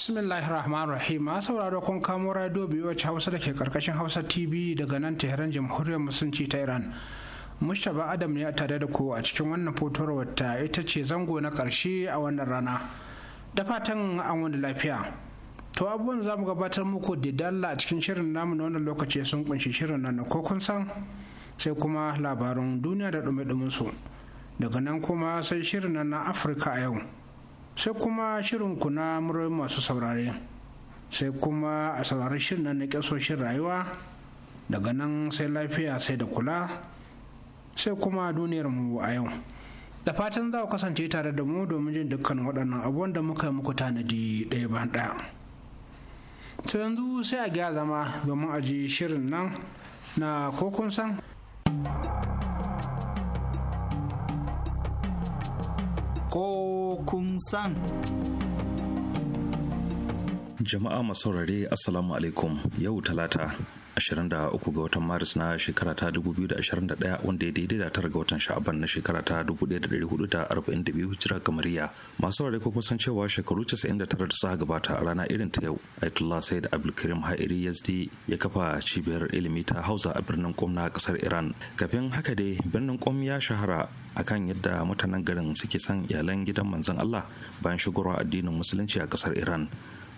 bismillahir rahmanir rahim a sauraro kun kamo radio biyu wacce hausa da ke karkashin hausa tv daga nan tehran jamhuriyar musulunci ta iran mushaba adam ne a tare da ku a cikin wannan fotowar wata ita ce zango na karshe a wannan rana da fatan an wani lafiya to abubuwan za mu gabatar muku da dalla a cikin shirin namu na wannan lokaci sun kunshi shirin nan ko kun san sai kuma labarin duniya da dumi-dumin su daga nan kuma sai shirin nan na afirka a yau sai kuma shirin kuna muryoyin masu saurare sai kuma a saurari shirin na kyasoshin rayuwa daga nan sai lafiya sai da kula sai kuma duniyar mu a yau da fatan za ku kasance tare da mu domin jin dukkan waɗannan abubuwan da muka yi muku tanadi ɗaya ban ɗaya to yanzu sai a gyara zama domin a ji shirin nan na kokon san ko kun san. Jama'a masaurare Assalamu alaikum yau talata 23 ga watan maris na shekara ta 2021 wanda ya daidai da tara ga watan sha'aban na shekara ta 1442 hijira kamariya masu ware kuma kusan cewa shekaru 99 da suka gabata a rana irin ta yau aitullah Said Abdulkarim Ha'iri Yazdi ya kafa cibiyar ilimi ta Hausa a birnin kum na kasar Iran kafin haka dai birnin kum ya shahara akan yadda mutanen garin suke son iyalan gidan manzon Allah bayan shigarwa addinin musulunci a kasar Iran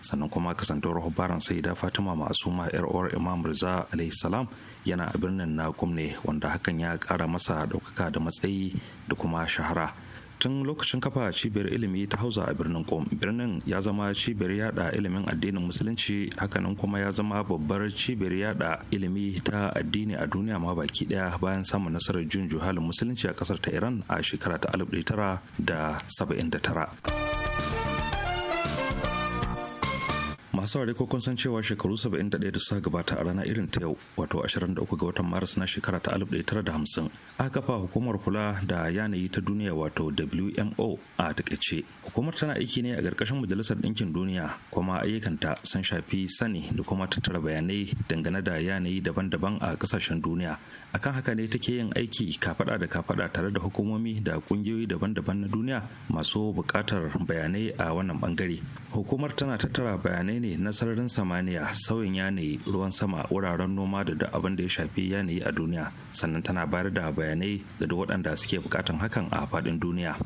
sannan kuma kasantar rahobaran saida fatima ma'asuma yar uwar imam riza alaihi salam yana a birnin na ne wanda hakan ya kara masa ɗaukaka da matsayi da kuma shahara tun lokacin kafa cibiyar ilimi ta hauza a birnin kom birnin ya zama cibiyar yada ilimin addinin musulunci hakanan kuma ya zama babbar cibiyar yada ilimi ta addini a duniya ma baki daya bayan samun nasarar jin juhalin musulunci a kasar ta iran a shekara ta 1979 masu ware ko kun san cewa shekaru 71 da suka gabata a rana irin ta yau wato 23 ga watan maris na shekara ta 1950 aka kafa hukumar kula da yanayi ta duniya wato wmo a takaice hukumar tana aiki ne a ƙarƙashin majalisar ɗinkin duniya kuma ayyukanta sun shafi sani da kuma tattara bayanai dangane da yanayi daban-daban a ƙasashen duniya akan haka ne take yin aiki kafada da kafada tare da hukumomi da kungiyoyi daban-daban na duniya masu bukatar bayanai a wannan bangare hukumar tana tattara bayanai ne na sararin samaniya sauyin yanayi ruwan sama wuraren noma da duk abin da ya shafi yanayi a duniya sannan tana bayar da bayanai ga duk waɗanda suke buƙatan hakan a faɗin duniya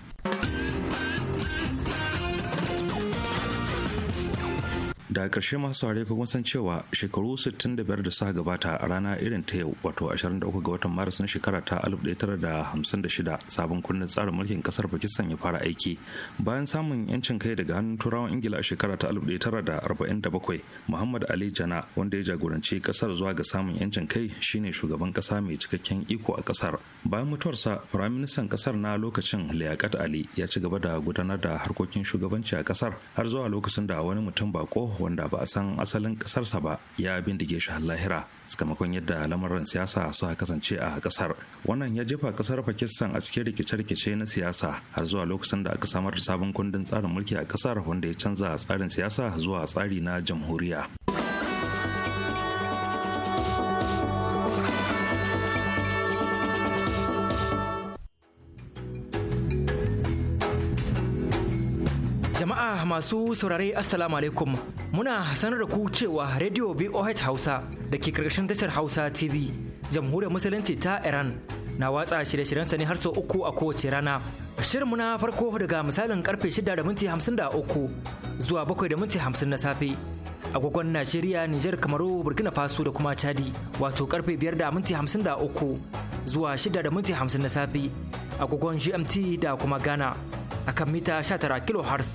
da ƙarshe masu saurare kuma san cewa shekaru 65 da suka gabata a rana irin ta yau wato 23 ga watan maris na shekara ta 1956 sabon kundin tsarin mulkin kasar pakistan ya fara aiki bayan samun yancin kai daga hannun turawan ingila a shekara ta 1947 muhammad ali jana wanda ya jagoranci kasar zuwa ga samun yancin kai shine shugaban kasa mai cikakken iko a kasar bayan mutuwarsa firaministan kasar na lokacin liyakat ali ya ci gaba da gudanar da harkokin shugabanci a kasar har zuwa lokacin da wani mutum bako wanda ba a san asalin kasarsa ba ya bindige shi lahira sakamakon yadda lamarin siyasa suka kasance a kasar wannan ya jefa kasar pakistan a cikin rikice-rikice na siyasa har zuwa lokacin da aka samar da sabon kundin tsarin mulki a kasar wanda ya canza tsarin siyasa zuwa tsari na jamhuriya. masu saurare assalamu alaikum muna sanar da ku cewa radio voh hausa da ke karkashin tashar hausa tv jamhuriyar musulunci ta iran na watsa shirye-shiryen sani har sau uku a kowace rana shirinmu na farko daga misalin karfe shida zuwa bakwai na safe agogon najeriya niger kamaru burkina faso da kuma chadi wato karfe biyar da zuwa shida na safe agogon gmt da kuma ghana akan mita 19 kilohertz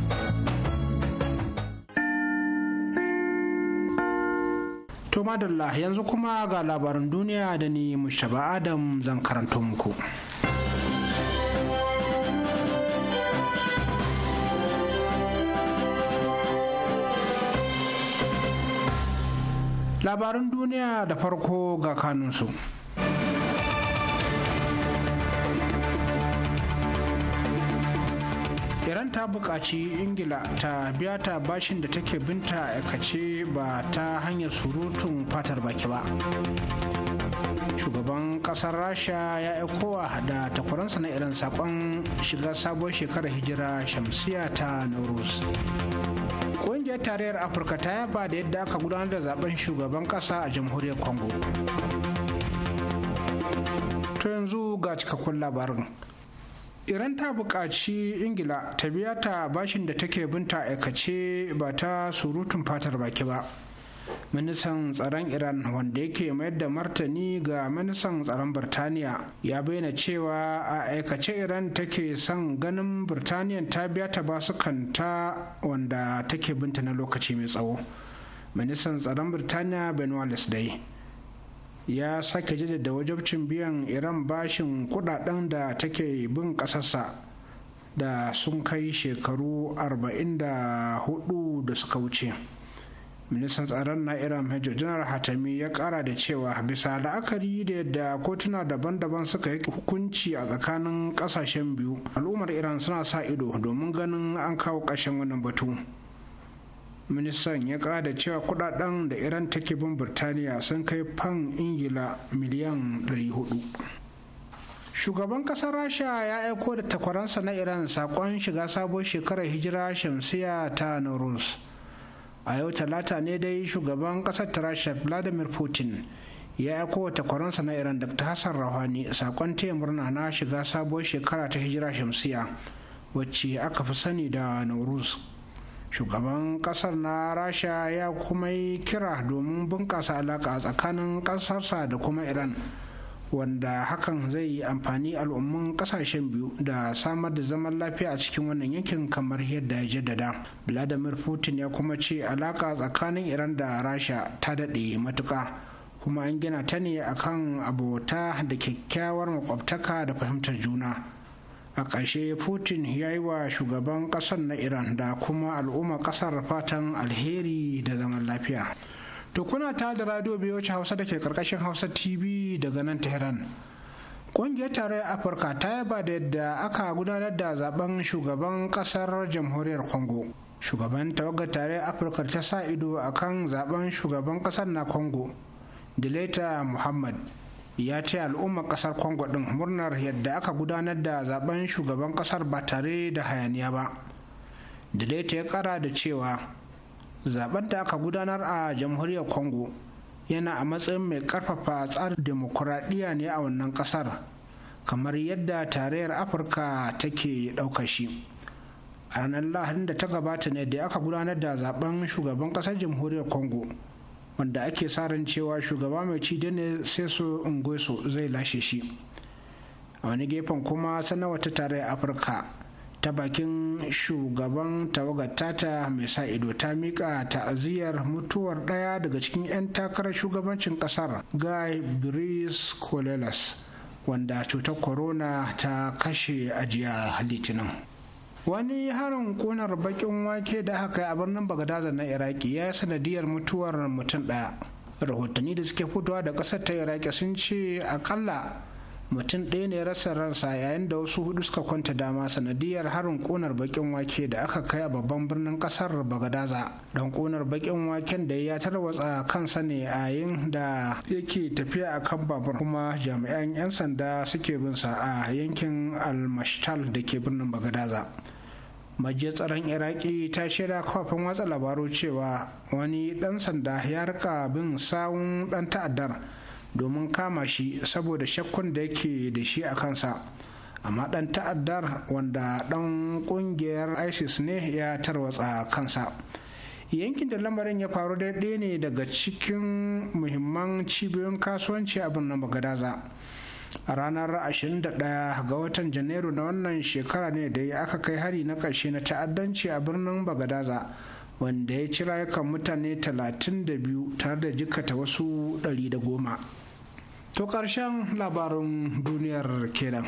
To madalla yanzu kuma ga labaran duniya da ni Mushaba Adam zan karanto muku. Labaran duniya da farko ga kanunsu. ta buƙaci ingila ta biya ta bashin da take binta aikace ba ta hanyar surutun fatar baki ba shugaban ƙasar rasha ya aikowa da takwaransa na irin sakon shiga sabon shekarar hijira shamsiya ta nauruz ƙungiyar tarayyar afirka ta yaba da yadda aka gudanar da zaben shugaban ƙasa a jamhuriyar congo to yanzu ga cikakkun labarin iran ta buƙaci ingila ta biya ta bashin da take binta aikace ba ta surutun fatar baki ba ministan tsaron iran wanda yake mayar da martani ga ministan tsaron birtaniya ya bayyana cewa a aikace iran take son ganin birtaniya ta biya ta basukanta wanda take binta na lokaci mai tsawo ministan tsaron birtaniya ben wallace dai ya sake jaddada wajabcin biyan iran bashin kudaden da take bin kasarsa da sun kai shekaru 44 da suka wuce ministan tsaron na iran major janar hatami ya kara da cewa bisa la'akari da yadda kotuna daban-daban suka yi hukunci a tsakanin kasashen biyu al'ummar iran suna sa ido domin ganin an kawo ƙarshen wannan batu. ministan ya kada cewa kudaden da iran take bin birtaniya sun kai fan ingila miliyan 400 shugaban kasar rasha ya aiko da takwaransa na iran sakon shiga sabon shekarar hijira shamsiya ta norus a yau talata ne dai shugaban kasar ta rasha vladimir putin ya aiko wa takwaransa na iran dr hassan rahani sakon taya murna na shiga sabuwar shekara ta hijira shamsiya wacce aka fi sani da norus shugaban kasar na rasha ya kuma yi kira domin bunƙasa alaƙa tsakanin ƙasarsa da kuma iran wanda hakan zai yi amfani al'ummun kasashen biyu da samar da zaman lafiya a cikin wannan yankin kamar yadda ya jaddada vladimir putin ya kuma ce alaƙa tsakanin iran da rasha ta daɗe matuƙa kuma an gina ta ne akan abota da kyakkyawar makwabtaka da fahimtar juna a ƙarshe putin ya yi wa shugaban ƙasar na iran da kuma al'umma ƙasar fatan alheri da zaman lafiya to kuna ta da radio biyu hausa da ke ƙarƙashin hausa tv daga nan tehran Ƙungiyar tarayyar Afirka ta yaba da yadda aka gudanar da zaben shugaban ƙasar jamhuriyar Congo. Shugaban tawagar tarayyar Afirka ta sa ido a kan zaben shugaban ƙasar na Congo, Dileta Muhammad, ya ce al'ummar kasar congo din murnar yadda aka gudanar da zaben shugaban kasar ba tare da hayaniya ba daidaita ya kara da cewa zaben da aka gudanar a jamhuriyar congo yana a matsayin mai karfafa tsarin demokuraɗiyya ne a wannan kasar kamar yadda tarayyar afirka take ɗauka shi a ranar lahadin da ta gabata ne da aka gudanar da zaben shugaban kasar jamhuriyar Kongo. wanda ake sa ran cewa shugaba mai ci dane su ungueso zai lashe shi a wani gefen kuma sanarwa ta tarayyar afirka ta bakin shugaban tawaga tata mai sa ido ta mika ta'aziyar mutuwar ɗaya daga cikin 'yan takarar shugabancin ƙasar guy brice colelas wanda cutar corona ta kashe ajiya litinin wani harin ƙonar bakin wake da haka a birnin bagadaza na iraki ya yi sanadiyar mutuwar mutum ɗaya rahotanni da suke fitowa da ƙasar ta iraki sun ce akalla mutum ɗaya ne rasa ransa yayin da wasu hudu suka kwanta dama sanadiyar harin ƙonar bakin wake da aka kai a babban birnin kasar bagadaza don ƙonar bakin waken da ya tarwatsa kansa ne a yin da yake tafiya a kan babur kuma jami'an 'yan sanda suke bin sa a yankin almashtal da ke birnin bagadaza majiyar tsaron iraki ta shaida kafin watsa labaru cewa wani dan sanda ya rika bin sawun dan ta'addar domin kama shi saboda shakkun da yake da shi a kansa amma dan ta'addar wanda dan kungiyar isis ne ya tarwatsa kansa yankin da lamarin ya faru daidai ne daga cikin muhimman cibiyoyin kasuwanci abin na bagadaza a ranar 21 ga watan janairu na wannan shekara ne da ya aka kai hari na ƙarshe na ta'addanci a birnin bagadaza wanda ya cira rayukan mutane 32 tare da jikata wasu 110 to ƙarshen labarin duniyar kenan.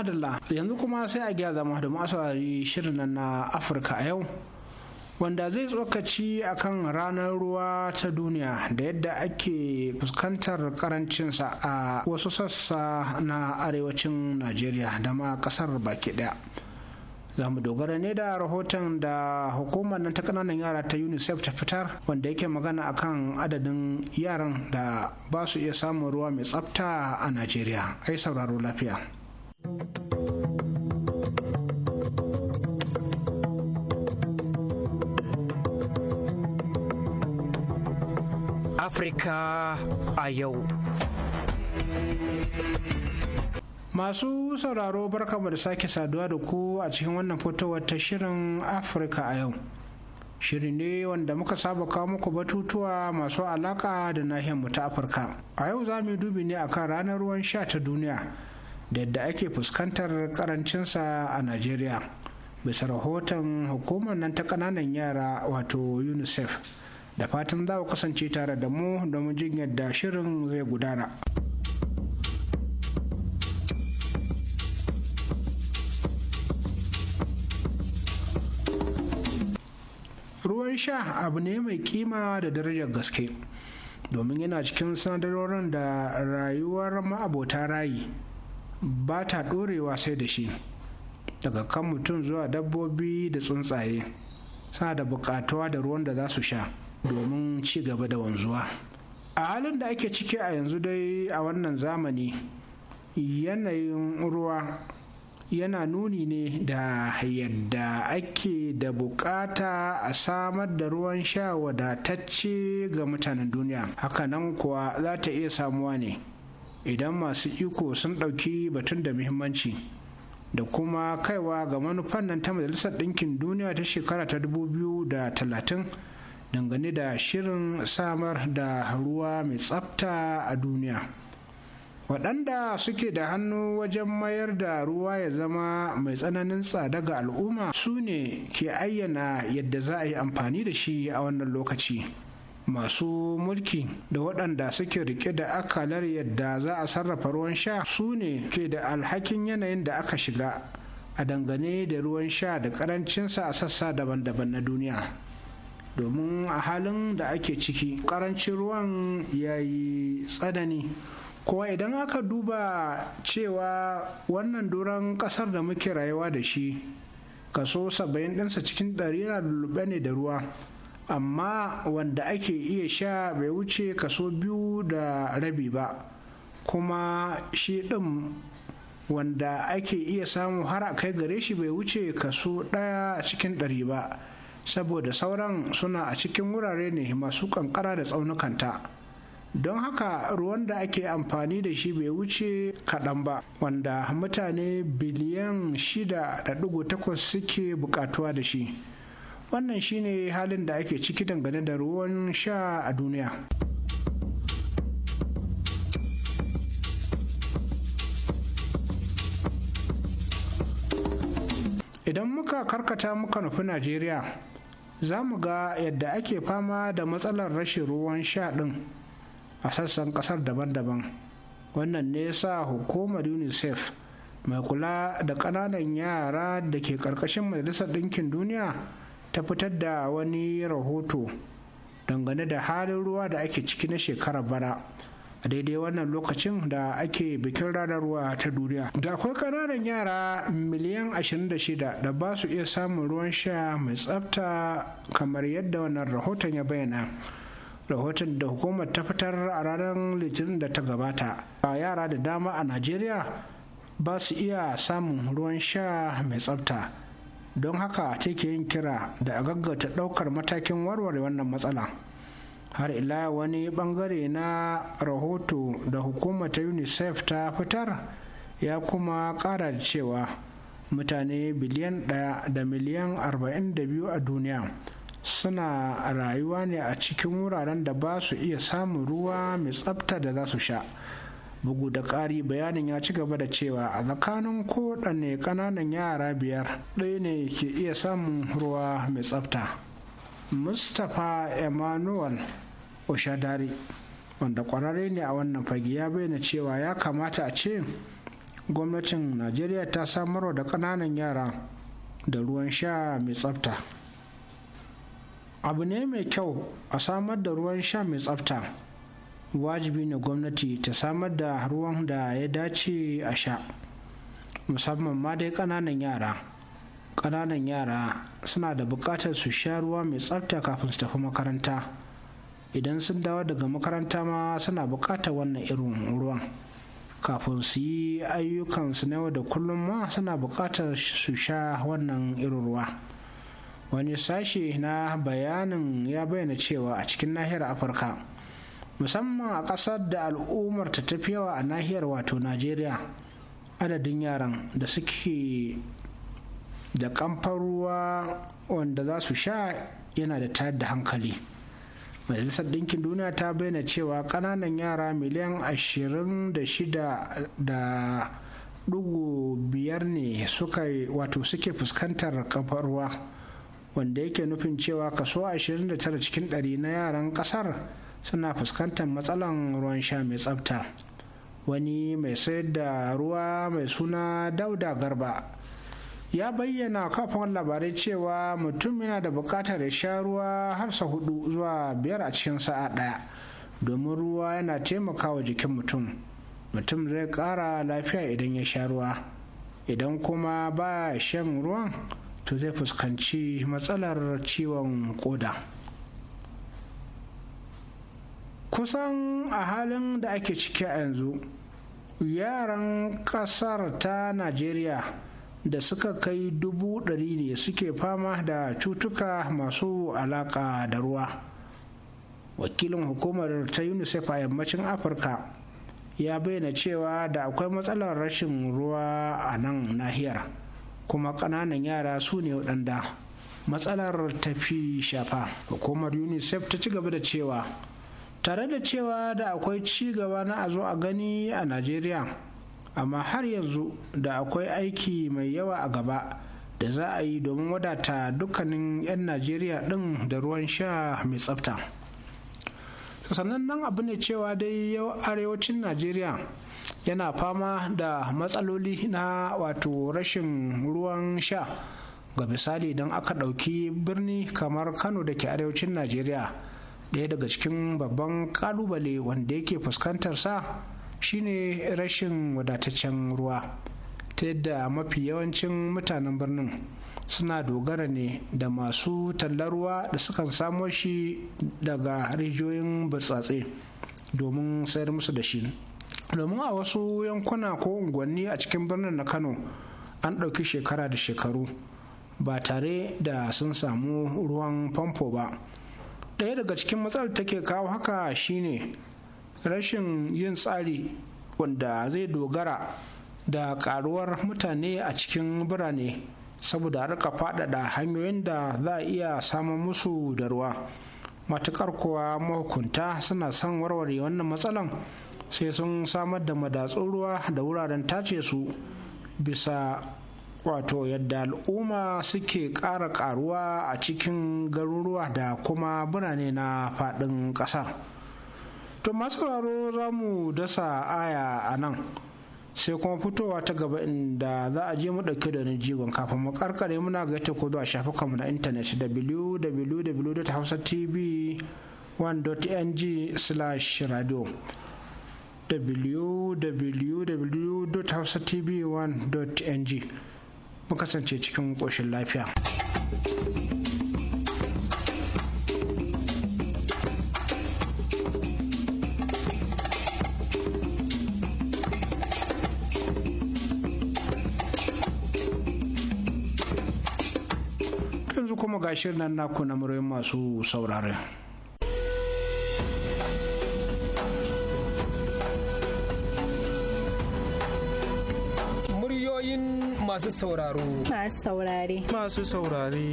To yanzu kuma sai a gyara zama da masu shirin na Afirka a yau wanda zai tsokaci akan ranar ruwa ta duniya da yadda ake fuskantar karancinsa a wasu sassa na arewacin najeriya da ma kasar baki daya za mu dogara ne da rahoton da hukumar nan ta kananan yara ta unicef ta fitar wanda yake magana akan adadin yaran da ba su iya samun ruwa mai tsafta a najeriya ai sauraro lafiya Afirka a yau. Masu sauraro barkamu da sake saduwa da ku a cikin wannan fitowar ta shirin Afirka a yau. Shiri ne wanda muka saba kawo muku batutuwa masu alaka da nahiyarmu ta Afirka. A yau za mu dubi ne akan ranar ruwan sha ta duniya da yadda ake fuskantar karancinsa a Najeriya. Bisa rahoton hukumar nan ta ƙananan yara wato UNICEF. da fatan za ku kasance tare da mu domin jin yadda shirin zai gudana. ruwan sha abu ne mai kima da darajar gaske domin yana cikin sanadarorin da rayuwar ma'abota rayi ba ta ɗorewa sai da shi daga kan mutum zuwa dabbobi da tsuntsaye sana da buƙatuwa da ruwan da za su sha domin ci gaba da wanzuwa a halin da ake ciki a yanzu dai a wannan zamani yanayin ruwa yana nuni ne da yadda ake da bukata a samar da ruwan sha wadatacce ga mutanen duniya hakanan kuwa za ta iya samuwa ne idan masu iko sun ɗauki batun da muhimmanci da kuma kaiwa ga manufan nan ta majalisar ɗinkin duniya ta shekara ta 2030 dangane da shirin samar da ruwa mai tsafta a duniya waɗanda suke da hannu wajen mayar da ruwa ya zama mai tsananin tsada ga al'umma su ne ke ayyana yadda za a yi amfani da shi a wannan lokaci masu mulki da waɗanda suke rike da akalar yadda za a sarrafa ruwan sha su ne ke da alhakin yanayin da aka shiga a dangane da ruwan sha da ƙarancinsa a sassa daban-daban na duniya domin a halin da ake ciki karancin ruwan ya yi tsanani Kowa idan aka duba cewa wannan doron kasar da muke rayuwa da shi kaso saba'in ɗinsa cikin ɗari na lulluɓe ne da ruwa amma wanda ake iya sha bai wuce kaso biyu da rabi ba kuma shi ɗin wanda ake iya samu har a kai gare shi bai wuce kaso ɗaya cikin ɗari ba saboda sauran suna a cikin wurare ne masu kankara da tsaunukanta don haka ruwan da ake amfani da shi bai wuce kaɗan ba wanda mutane biliyan 6.8 suke bukatuwa da shi wannan shine halin da ake ciki dangane da ruwan sha a duniya idan muka karkata muka nufi najeriya za mu ga yadda ake fama da matsalar rashin ruwan sha ɗin a sassan ƙasar daban-daban wannan ne sa hukumar unicef mai kula da ƙananan yara da ke ƙarƙashin majalisar ɗinkin duniya ta fitar da wani rahoto dangane da halin ruwa da ake ciki na shekarar bara a daidai wannan lokacin da ake bikin ranar ruwa ta duniya da akwai ƙananan yara miliyan 26 da ba su iya samun ruwan sha mai tsafta kamar yadda wannan rahoton ya bayyana rahoton da hukumar ta fitar a ranar litinin da ta gabata a yara da dama a najeriya ba su iya samun ruwan sha mai tsafta don haka take yin kira da a gaggauta ɗaukar matakin warware wannan matsala. har ila wani bangare na rahoto da hukumar ta unicef ta fitar ya kuma kara cewa mutane biliyan ɗaya da miliyan 42 a duniya suna rayuwa ne a cikin wuraren da ba su iya samun ruwa mai tsabta da za su sha bugu da ƙari bayanin ya ci gaba da cewa a tsakanin kowaɗanne ƙananan yara biyar ɗaya ne ke iya samun ruwa mai tsabta. mustapha emmanuel oshadari wanda kwararre ne a wannan fage ya bayyana cewa ya kamata a ce gwamnatin najeriya ta samarwa da ƙananan yara da ruwan sha mai tsafta abu ne mai kyau a samar da ruwan sha mai tsafta wajibi ne gwamnati ta samar da ruwan da ya dace a sha musamman ma dai ƙananan yara Kananan yara suna da buƙatar su sha ruwa mai tsafta kafin su tafi makaranta idan sun dawo daga makaranta ma suna bukatar wannan irin ruwan kafin su yi ayyukansu na yau da kullum ma suna buƙatar su sha wannan irin ruwa wani sashe na bayanin ya bayyana cewa a cikin nahiyar afirka musamman a ƙasar da al'ummar ta tafi yawa a nahiyar wato najeriya adadin yaran da suke da kamfan ruwa wanda za su sha yana da tayar da hankali majalisar ɗinkin duniya ta bayyana cewa ƙananan yara miliyan 26.5 ne suka wato suke fuskantar kamfan ruwa wanda yake nufin cewa kaso 29 cikin ɗari na yaran ƙasar suna fuskantar matsalan ruwan sha mai tsafta wani mai sayar da ruwa mai suna dauda garba ya bayyana kafin labarai cewa mutum yana da buƙatar ya sha ruwa har sa hudu zuwa biyar a cikin sa'a ɗaya domin ruwa yana taimakawa jikin mutum mutum zai ƙara lafiya idan ya sha ruwa idan kuma ba shan ruwan to zai fuskanci matsalar ciwon koda kusan a halin da ake ciki a yanzu yaran ƙasar ta najeriya da suka kai dubu ɗari ne suke fama da cutuka masu alaƙa da ruwa wakilin hukumar ta unicef a yammacin afirka ya bayyana cewa da akwai matsalar rashin ruwa a nan nahiyar kuma ƙananan yara su ne waɗanda matsalar tafi shafa hukumar unicef ta ci gaba da cewa tare da cewa da akwai ci gaba na a zo a gani a najeriya amma har yanzu da akwai aiki mai yawa a gaba da za a yi domin wadata dukkanin 'yan najeriya ɗin da ruwan sha mai tsafta sannan nan abu ne cewa dai yau arewacin najeriya yana fama da matsaloli na wato rashin ruwan sha ga misali don aka ɗauki birni kamar kano da ke arewacin najeriya ɗaya daga cikin babban kalubale wanda yake fuskantar sa shine rashin wadataccen ruwa ta yadda mafi yawancin mutanen birnin suna dogara ne da masu tallar ruwa da sukan samo shi daga rijiyoyin burtsatse domin sayar musu da shi domin a wasu yankuna ko unguwanni a cikin birnin na kano an ɗauki shekara da shekaru ba tare da sun samu ruwan famfo ba ɗaya daga cikin matsalar take kawo haka shine rashin yin tsari wanda zai dogara da karuwar mutane a cikin birane saboda rika faɗaɗa hanyoyin da za a iya samun musu da ruwa matuƙar kuwa mahukunta suna son warware wannan matsalan sai sun samar da madatsun ruwa da wuraren tace su bisa wato yadda al'umma suke ƙara karuwa a cikin garuruwa da kuma birane na faɗin ƙasar. to masu sauraro za mu dasa aya a nan sai kuma fitowa ta gaba inda za a je mu dauke da wani jigon kafin mu karkare muna ga ta kodo a shafukanmu na intanet www.hausatv1.ng/radio www.hausatv1.ng mu kasance cikin koshin lafiya. ga shirin nan naku na muryoyin masu saurare. Muryoyin masu sauraro. Masu saurare. Masu saurare.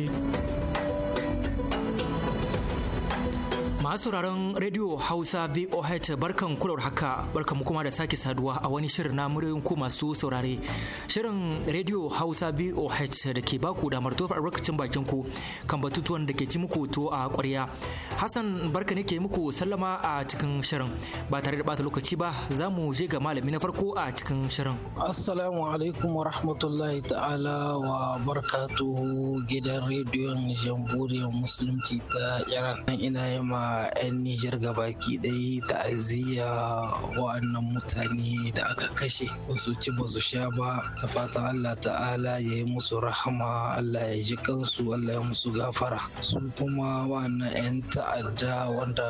Masu sauraron Radio Hausa VOH barkan kular haka barkan kuma da sake saduwa a wani shirin na muryoyin ku masu saurare. Shirin Radio Hausa VOH da ke baku da damar a rikicin bakin ku kan batutuwan da ke ci muku to a ƙwarya. Hassan barka ne ke muku sallama a cikin shirin ba tare da bata lokaci ba za mu je ga malami na farko a cikin shirin. Assalamu alaikum wa rahmatullahi ta'ala wa barkatu gidan rediyon jamhuriyar musulunci ta Iran. Ina yi 'yan Nijar gabaki ɗaya ta'aziyya wa'annan mutane da aka kashe ba su ci ba su sha ba da fatan Allah ta'ala ya yi musu rahama Allah ya ji kansu Allah ya musu gafara su kuma wa'annan 'yan ta'adda wanda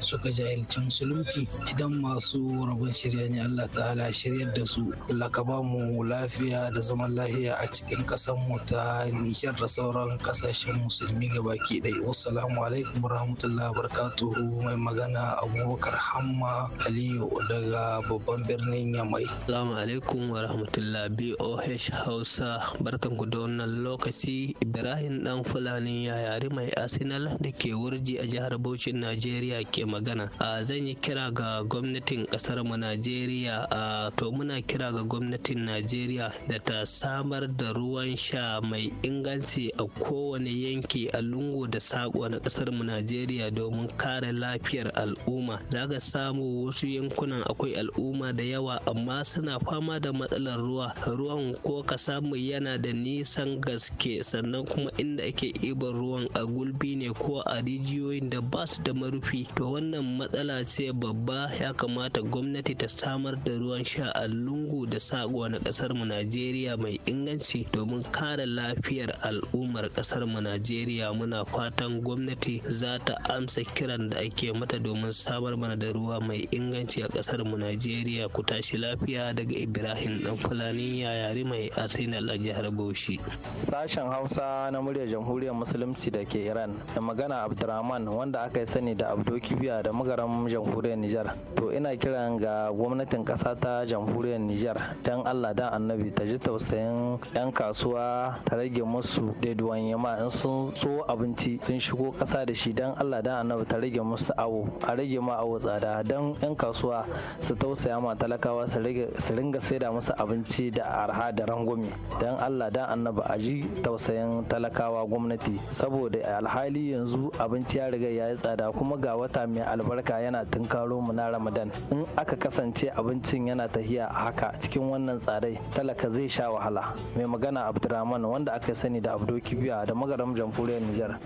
suka jahilci musulunci idan masu rabon shirya ne Allah ta'ala shiryar da su Allah ka ba mu lafiya da zaman lafiya a cikin ƙasar mu ta Nijar da sauran ƙasashen musulmi gabaki ɗaya wassalamu alaikum warahmatullahi wabarakatuh barakatuhu mai magana abubakar hamma aliyu daga babban birnin yamai salamu alaikum wa rahmatullah boh hausa barkan ku da wannan lokaci ibrahim dan fulani yari mai arsenal da ke wurji a jihar bauchi najeriya ke magana a zan yi kira ga gwamnatin kasar mu najeriya a to muna kira ga gwamnatin najeriya da ta samar da ruwan sha mai inganci a kowane yanki a lungu da sako na kasar mu najeriya don domin kare lafiyar al'umma za ka samu wasu yankunan akwai al'umma da yawa amma suna fama da matsalar ruwa ruwan ko ka samu yana da nisan gaske sannan kuma inda ake ibar ruwan a gulbi ne ko a rijiyoyin da ba su da marufi to wannan matsala ce babba ya kamata gwamnati ta samar da ruwan sha a lungu da sago na kasar mu najeriya mai inganci domin kare lafiyar al'ummar kasar mu najeriya muna fatan gwamnati za ta amsa amsa kiran da ake mata domin samar mana da ruwa mai inganci a ƙasar mu Najeriya ku tashi lafiya daga Ibrahim Dan Fulani yayari mai Arsenal a jihar Bauchi. Sashen Hausa na murya Jamhuriyar Musulunci da ke Iran da magana Abdurrahman wanda aka yi sani da Abdo Kibiya da magaram Jamhuriyar Nijar. To ina kiran ga gwamnatin ƙasa ta Jamhuriyar Nijar dan Allah dan Annabi ta ji tausayin 'yan kasuwa ta rage musu da duwan yama in sun so abinci sun shigo ƙasa da shi dan Allah dan annabi ta rage musu awo a rage ma awo tsada don 'yan kasuwa su tausaya ma talakawa su ringa saida musu abinci da arha da rangwame don allah dan annabi a ji tausayin talakawa gwamnati saboda alhali yanzu abinci ya riga ya yi tsada kuma ga wata mai albarka yana tunkaro mu na ramadan in aka kasance abincin yana tahiya a haka cikin wannan tsadai talaka zai sha wahala mai magana abdurrahman wanda aka sani da abdo kibiya da magaram jamhuriyar nijar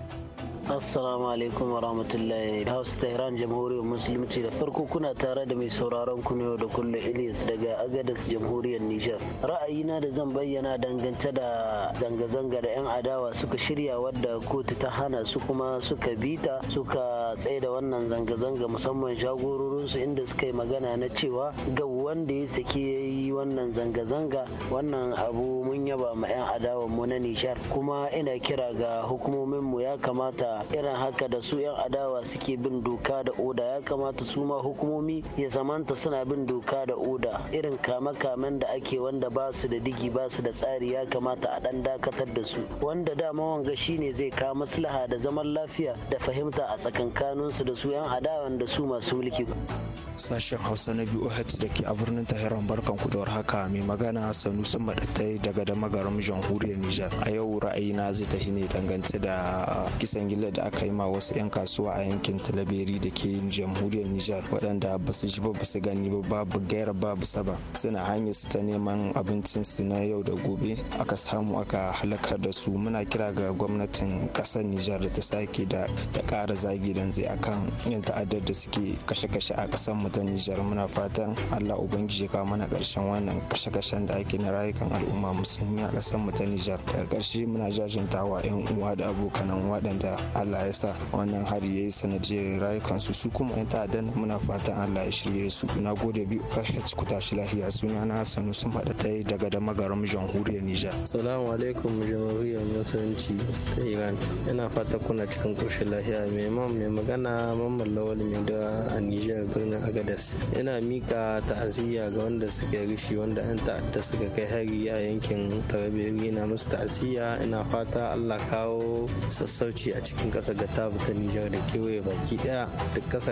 assalamu alaikum wa rahmatullahi house tehran jamhuriyar musulunci da farko kuna tare da mai sauraron ku yau da kullum ilyas daga agadas jamhuriyar nijar ra'ayina da zan bayyana dangance da zanga-zanga da 'yan adawa suka shirya wadda kotu ta hana su kuma suka bita suka tsaye da wannan zanga-zanga musamman su inda suka yi magana na cewa ga wanda ya saki ya yi wannan zanga-zanga wannan abu mun yaba ma 'yan adawa mu na nijar kuma ina kira ga hukumomin mu ya kamata irin haka da su 'yan adawa suke bin doka da oda ya kamata su ma hukumomi ya zamanta suna bin doka da oda irin kame-kamen da ake wanda ba su da digi ba su da tsari ya kamata a dan dakatar da su wanda dama wanga shine zai kawo maslaha da zaman lafiya da fahimta a tsakankanin su da su 'yan adawan da su masu mulki sashen hausa na biyu da ke a birnin tahiran barkan ku da warhaka mai magana sanusi madattai daga damagaram jamhuriyar nijar a yau ra'ayi na zai tafi ne dangance da kisan gila kila da aka yi ma wasu 'yan kasuwa a yankin talabiri da ke jamhuriyar nijar waɗanda ba su ji ba ba su gani ba babu gaira babu saba suna hanyar su ta neman abincin na yau da gobe aka samu aka halakar da su muna kira ga gwamnatin ƙasar nijar da ta sake da ta ƙara zagi dan zai akan yan ta'addar da suke kashe-kashe a ƙasar mu ta nijar muna fatan allah ubangiji ya kawo mana ƙarshen wannan kashe-kashen da ake na rayukan al'umma musulmi a ƙasar mu ta nijar daga ƙarshe muna jajintawa 'yan uwa da abokanan waɗanda allah ya sa wannan hari ya yi sanadiyar rayukansu su kuma yan ta'addan muna fatan allah ya shirye su na gode bi ku kutashi lahiya suna na hassan sun haɗa ta yi daga da magarin jamhuriyar nijar salamu alaikum jamhuriyar musulunci ta iran ina fata kuna cikin koshin lahiya mai mai magana mamman lawal mai da a nijar birnin agadas ina mika ta'aziyya ga wanda suke rishi wanda yan ta'adda suka kai hari a yankin tarbiyyar na musu ta'aziyya ina fata allah kawo sassauci a cikin cikin ƙasa ga tabu ta Nijar da kewaye baki ɗaya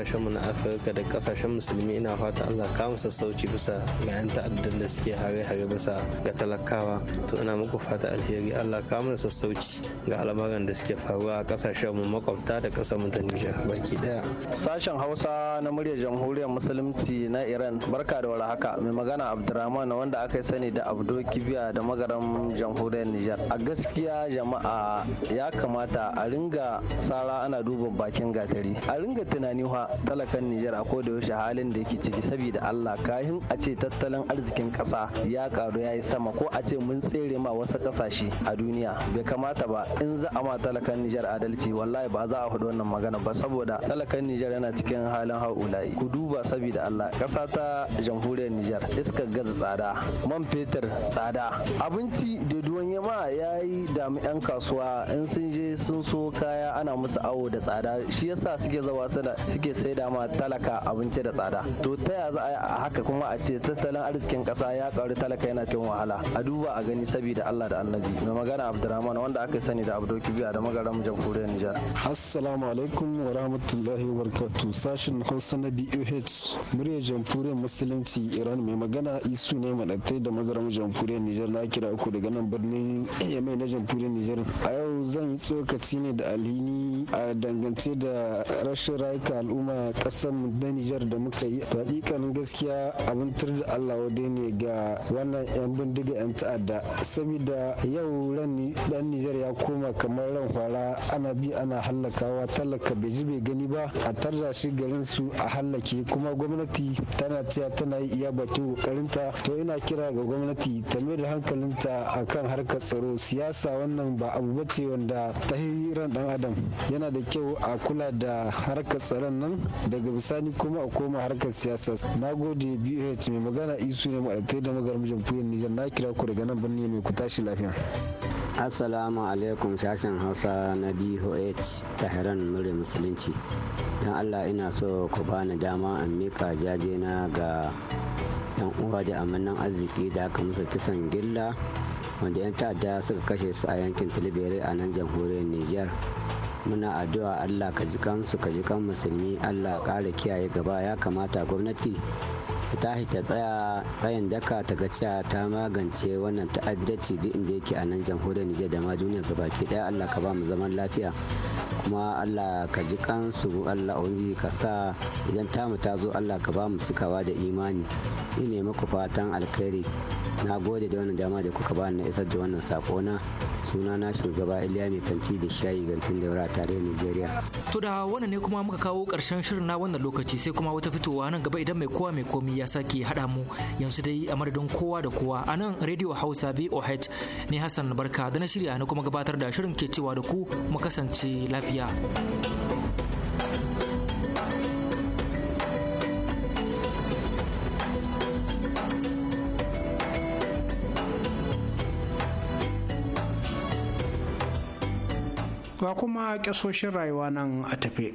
duk mu na Afirka da ƙasashen musulmi ina fata Allah ka musu sauci bisa ga 'yan ta'addan da suke hare-hare bisa ga talakawa to ina muku fata alheri Allah ka mana sassauci ga al'amuran da suke faruwa a ƙasashen mu makwabta da ƙasar mu ta Nijar baki ɗaya. Sashen Hausa na muryar Jamhuriyar Musulunci na Iran barka da warhaka mai magana Abdurrahman wanda aka sani da Abdo Kibiya da magaran Jamhuriyar Nijar. A gaskiya jama'a ya kamata a ringa sara ana duba bakin gatari a ringa tunani fa talakan Nijar a koda yaushe halin da yake ciki saboda Allah kahin a ce tattalin arzikin kasa ya karu ya yi sama ko a ce mun tsere ma wasu kasashe a duniya bai kamata ba in za a ma talakan Nijar adalci wallahi ba za a faɗi wannan magana ba saboda talakan Nijar yana cikin halin haulayi ku duba saboda Allah kasa ta jamhuriyar Nijar iskar ga tsada man fetur tsada abinci da duwan ma ya yi mu 'yan kasuwa in sun je sun so kaya ana musu awo da tsada shi yasa suke zawa suna suke saida ma talaka abinci da tsada to ta ya za a haka kuma a ce tattalin arzikin kasa ya karu talaka yana cikin wahala a duba a gani saboda Allah da Annabi mai magana Abdurrahman wanda aka sani da Abdul Kibiya da magaram jamhuriyar Nijar Assalamu alaikum wa rahmatullahi wa barakatuh sashin Hausa na BOH murya jamhuriyar musulunci Iran mai magana Isu ne madattai da magaram jamhuriyar Nijar na kira ku daga nan birnin Yemen na jamhuriyar Nijar a yau zan yi tsokaci ne da Ali yi a dangance da rashin rayuka al'umma kasar na Nijar da muka yi to hakikanin gaskiya abin da Allah wade ne ga wannan yan bindiga yan ta'adda saboda yau ran dan Nijar ya koma kamar ran fara ana bi ana hallakawa talaka bai ji bai gani ba a tarza shi garin su a hallake kuma gwamnati tana cewa tana yi iya bakin kokarinta to ina kira ga gwamnati ta mai da hankalinta akan harkar tsaro siyasa wannan ba abu bace wanda ta hiran dan adam yana da kyau a kula da harkar tsaron nan daga bisani kuma a koma harkar siyasa na gode mai magana isu ne ma'aikatai da magarin jamhuriyar nijar na kira ku daga nan birni mai ku tashi lafiya Assalamu alaikum sashen Hausa na ta Tahiran Murya Musulunci. Don Allah ina so ku bani dama a mika jaje na ga 'yan uwa da amannan arziki da aka musu kisan gilla wanda 'yan ta'adda suka kashe su a yankin tilibiri a nan jamhuriyar niger muna addu'a allah ka ji kansu ka ji kan musulmi allah ƙara kiyaye gaba ya kamata gwamnati ta tashi ta tsaya tsayin daka ta ga cewa ta magance wannan ta'addaci duk inda yake a nan jamhuriyar Nijar da ma duniya baki daya Allah ka ba mu zaman lafiya kuma Allah ka ji kansu Allah ubangiji ka sa idan tamu ta zo Allah ka ba mu cikawa da imani ni ne muku fatan alkhairi na gode da wannan dama da kuka ba na isar da wannan sako na suna na shugaba Iliya mai kanti da shayi garkin daura tare Nijeriya to da wannan ne kuma muka kawo karshen shirin na wannan lokaci sai kuma wata fitowa nan gaba idan mai kowa mai komi ya sake haɗa mu yanzu dai a madadin kowa da kowa a nan Radio Hausa VOH ne Hassan Barka da na shirya na kuma gabatar da shirin ke cewa da ku mu kasance lafiya. Ga kuma kyasoshin rayuwa nan a tafe.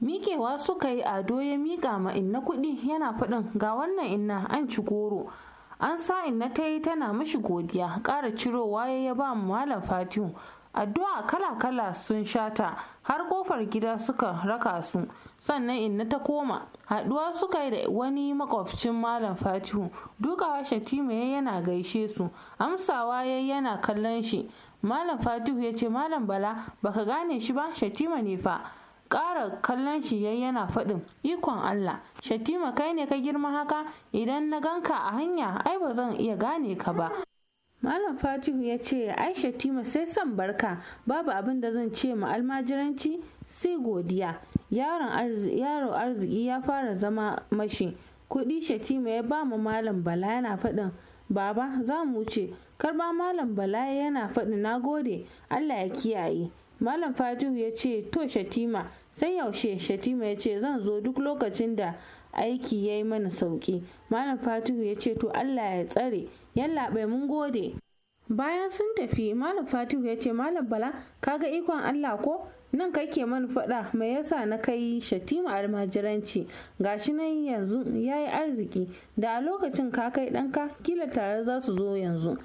mikewa suka yi ado ya miƙa ma inna kuɗi yana faɗin ga wannan inna an ci goro an sa inna ta yi tana mashi godiya ƙara cirowa ya ba malam fatihu addu'a kala-kala sun shata har kofar gida suka raka su sannan inna ta koma haduwa suka yi da wani makwabcin malam fatihu dukawa shatima ya yana gaishe su amsawa ya yana kallon shi malam fatihu ya ce malam bala baka gane shi ba shatima ne fa ƙara kallon shi yayi yana faɗin ikon Allah shatima kai ne ka girma haka idan na ganka a hanya ai ba zan iya gane ka ba Malam Fatihu ya ce ai shatima sai san barka babu abin da zan ce ma almajiranci sai godiya yaron arziki ya fara zama mashi kuɗi shatima ya ba mu malam bala yana faɗin baba za mu wuce karba malam bala yana faɗi na gode allah ya kiyaye malam fatihu ya ce to shatima sai yaushe shatima ya ce zan zo duk lokacin da aiki ya yi mana sauki malam fatihu ya ce to allah ya tsare yallaɓai mun gode bayan sun tafi malam fatihu ya ce malam bala kaga ikon allah ko nan kai ke man faɗa mai yasa na kai shatima almajiranci gashi nan yanzu ya yi arziki da a lokacin ka kai ɗanka kila tare za su zo yanzu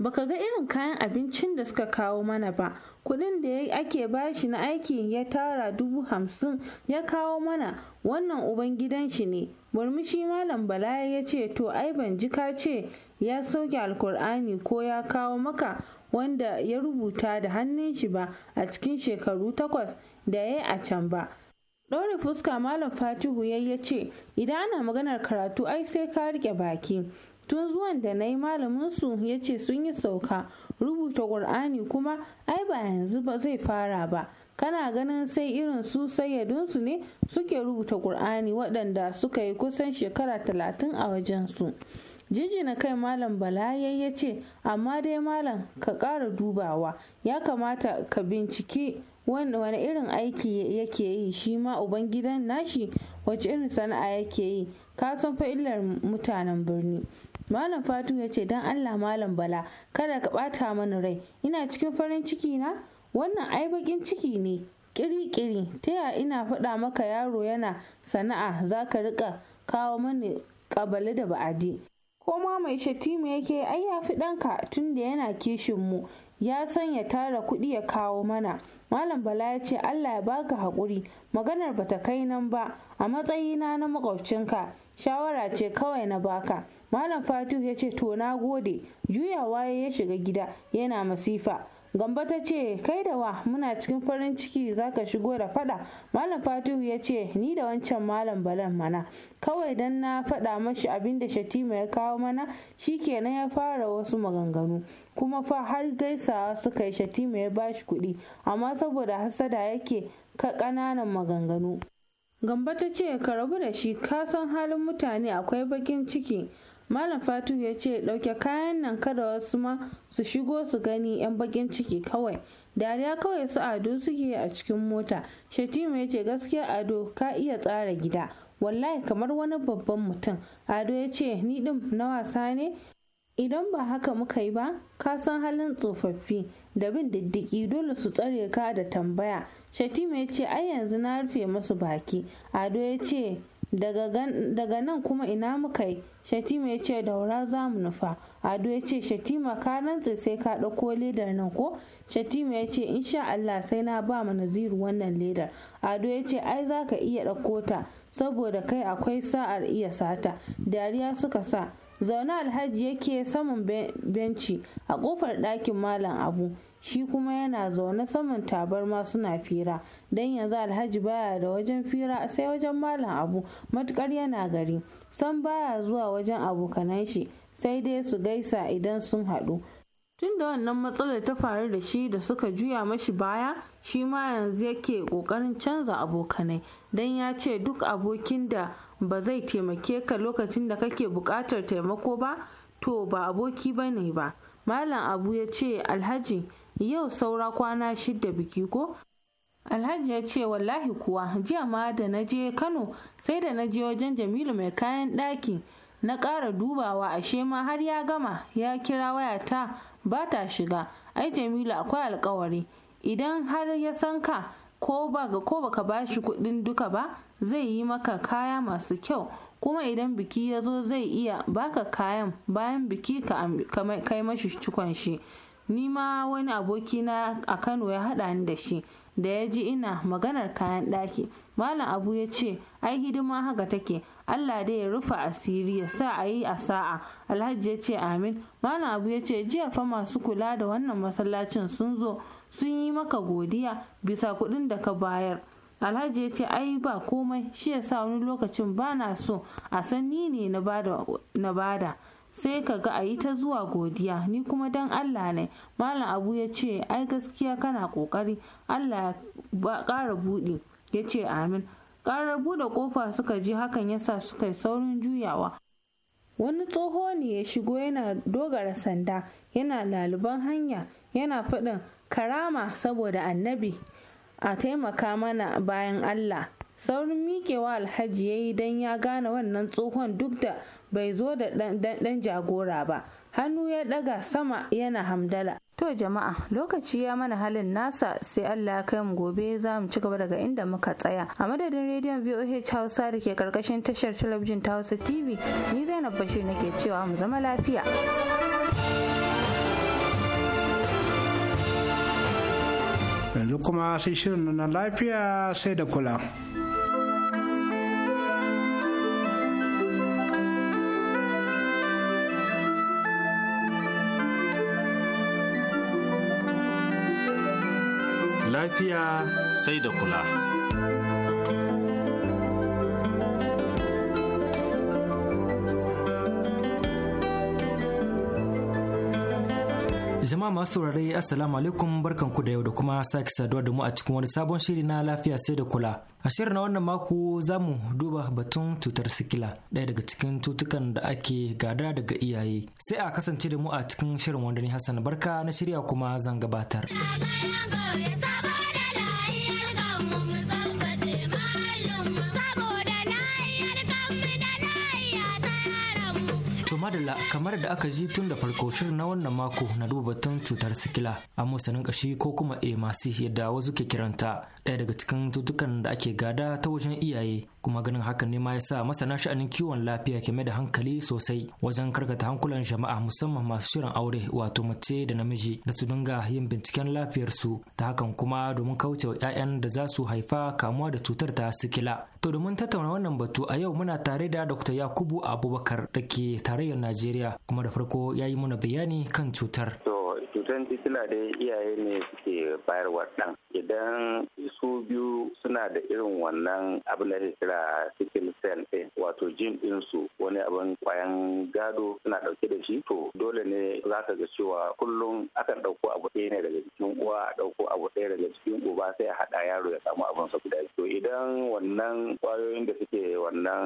baka ga irin kayan abincin da suka kawo mana ba kudin da ya ake bashi na aiki ya tara dubu hamsin ya kawo mana wannan uban gidan shi ne murmushi malam bala ya ce to ai ban ji ka ce ya sauke alkur'ani ko ya kawo maka wanda ya rubuta da hannun shi ba a cikin shekaru takwas da ya yi a can ba ɗaure fuska malam fatihu ya ce idan ana maganar karatu ai sai ka rike baki tun zuwan da na yi malaminsu ya ce sun yi sauka rubuta ƙur'ani kuma ai ba yanzu ba zai fara ba kana ganin sai irin su sayyadinsu ne suke rubuta ƙur'ani waɗanda suka yi kusan shekara talatin a wajensu jijina kai malam bala ya ce amma dai malam ka ƙara dubawa ya kamata ka binciki wani irin aiki yake yi shi ma ubangidan nashi wacce irin sana'a yake yi ka san fa mutanen birni malam fatu ya ce don allah malam bala kada ka ɓata mana rai ina cikin farin ciki na wannan ai bakin ciki ne ƙiri-ƙiri ta yaya ina faɗa maka yaro yana sana'a za ka riƙa kawo mani kabali da ba'adi ko ma mai shatima yake ai ya fi ɗanka tun da yana kishin mu ya san ya tara kuɗi ya kawo mana malam bala ya ce allah ya baka haƙuri maganar bata kai nan ba a matsayina na makwabcinka shawara ce kawai na baka malam fatihu ya ce to na gode juyawa ya shiga gida yana masifa gamba ta ce kai da wa muna cikin farin ciki zaka shigo da fada malam fatihu ya ce ni da wancan malam balan mana kawai dan na fada mashi abin da shatima ya kawo mana shi shikenan ya fara wasu maganganu kuma fa har gaisawa suka yi shatima ya bashi kuɗi amma saboda hasada yake ka ƙananan maganganu gamba ta ce ka rabu da shi ka san halin mutane akwai bakin ciki malam fatihu ya ce ɗauke kayan nan kada wasu ma su shigo su gani 'yan bakin ciki kawai dariya kawai su ado suke a cikin mota shatima ya ce gaskiya ado ka iya tsara gida wallahi kamar wani babban mutum ado ya ce ni din na wasa ne idan ba haka muka yi ba ka san halin tsofaffi da bin diddiki dole su tsare ka da tambaya shatima ya ce ai yanzu na rufe masu baki ado ya ce daga nan kuma ina muka yi shatima ya ce daura za mu nufa ado ya ce shatima ka rantse sai ka ɗauko ledar nan ko shatima ya ce insha allah sai na ba naziru wannan ledar ado ya ce ai za ka iya ɗauko ta saboda kai akwai sa'ar iya sata dariya suka sa zaune alhaji yake saman benci a kofar ɗakin malam abu shi kuma yana zaune saman tabarma suna fira don yanzu alhaji baya da wajen fira sai wajen malam abu matukar yana gari san baya zuwa wajen abokanan shi sai dai su gaisa idan sun haɗu tun da wannan matsalar ta faru da shi da suka juya mashi baya shi ma yanzu yake ƙoƙarin canza abokanai don ya ce duk abokin da ba zai taimake ka lokacin da kake buƙatar taimako ba to ba aboki ba ne ba malam abu ya ce alhaji yau saura kwana shidda biki ko alhaji ya ce wallahi kuwa jiya ma da na je kano sai da na je wajen jamilu mai kayan ɗaki na ƙara dubawa ashe ma har ya gama ya kira wayata ba ta shiga ai jamilu akwai alkawari idan har ya san ka ko ba ko baka bashi kuɗin duka ba zai yi maka kaya masu kyau kuma idan biki ya zo zai iya baka kayan bayan biki ka kai mashi cikon shi ni ma wani abokina a kano ya haɗa ni da shi da ya ji ina maganar kayan ɗaki malam abu ya ce ai hidima haka take allah dai ya rufe asiri ya sa a yi a sa'a alhaji ya ce amin malam abu ya ce jiya fa masu kula da wannan masallacin sun zo sun yi maka godiya bisa kuɗin da ka bayar alhaji ya ce ai ba komai shi ya sa wani lokacin ba na so a san ni ne na bada sai ka ga a yi ta zuwa godiya ni kuma dan allah ne malam abu ya ce ai gaskiya kana kokari allah ya ƙara buɗe ya ce amin ƙarar buɗe ƙofa suka ji hakan ya sa suka yi saurin juyawa wani tsoho ne ya shigo yana dogara sanda yana laliban hanya yana faɗin karama saboda annabi a taimaka mana bayan allah saurin miƙewa alhaji ya yi don ya gane wannan tsohon duk da bai zo da ɗan jagora ba hannu ya ɗaga sama yana hamdala to jama'a lokaci ya mana halin nasa sai allah ya kai mu gobe za mu ci gaba daga inda muka tsaya a madadin rediyon voh hausa da ke karkashin tashar talabijin ta hausa tv ni zainab bashir nake cewa mu zama lafiya yanzu kuma sai shirin na lafiya sai da kula lafiya sai da kula Jama'a masu saurare Assalamu alaikum barkanku da yau da kuma sake saduwa da mu a cikin wani sabon shiri na lafiya sai da kula. A shirin na wannan mako za mu duba batun cutar sikila ɗaya daga cikin cutukan da ake gada daga iyaye. Sai a kasance da mu a cikin shirin wanda ni Hassan Barka na shirya kuma zan gabatar. madalla kamar da aka ji tun da farko shirin na wannan mako na duba batun cutar sikila a musanin kashi ko kuma emasi yadda wasu ke kiranta ɗaya daga cikin tutukan da ake gada ta wajen iyaye kuma ganin hakan ne ma sa masana sha'anin kiwon lafiya ke mai da hankali sosai wajen karkata hankulan jama'a musamman masu shirin aure wato mace da namiji da su dinga yin binciken lafiyarsu ta hakan kuma domin wa 'ya'yan da za su haifa kamuwa da cutar ta sikila to domin tattauna wannan batu a yau muna tare da dr yakubu abubakar da ke tarayyar Najeriya kuma da farko ya yi mana bayani kan cutar. cutar titila dai iyaye ne suke bayarwa ɗan idan su biyu suna da irin wannan abin da ake kira sickle cell ɗin wato jin ɗinsu wani abin kwayan gado suna ɗauke da shi to dole ne za ka ga cewa kullum akan ɗauko abu ɗaya ne daga cikin uwa a ɗauko abu ɗaya daga cikin uba sai a haɗa yaro ya samu abin sa guda idan wannan kwayoyin da suke wannan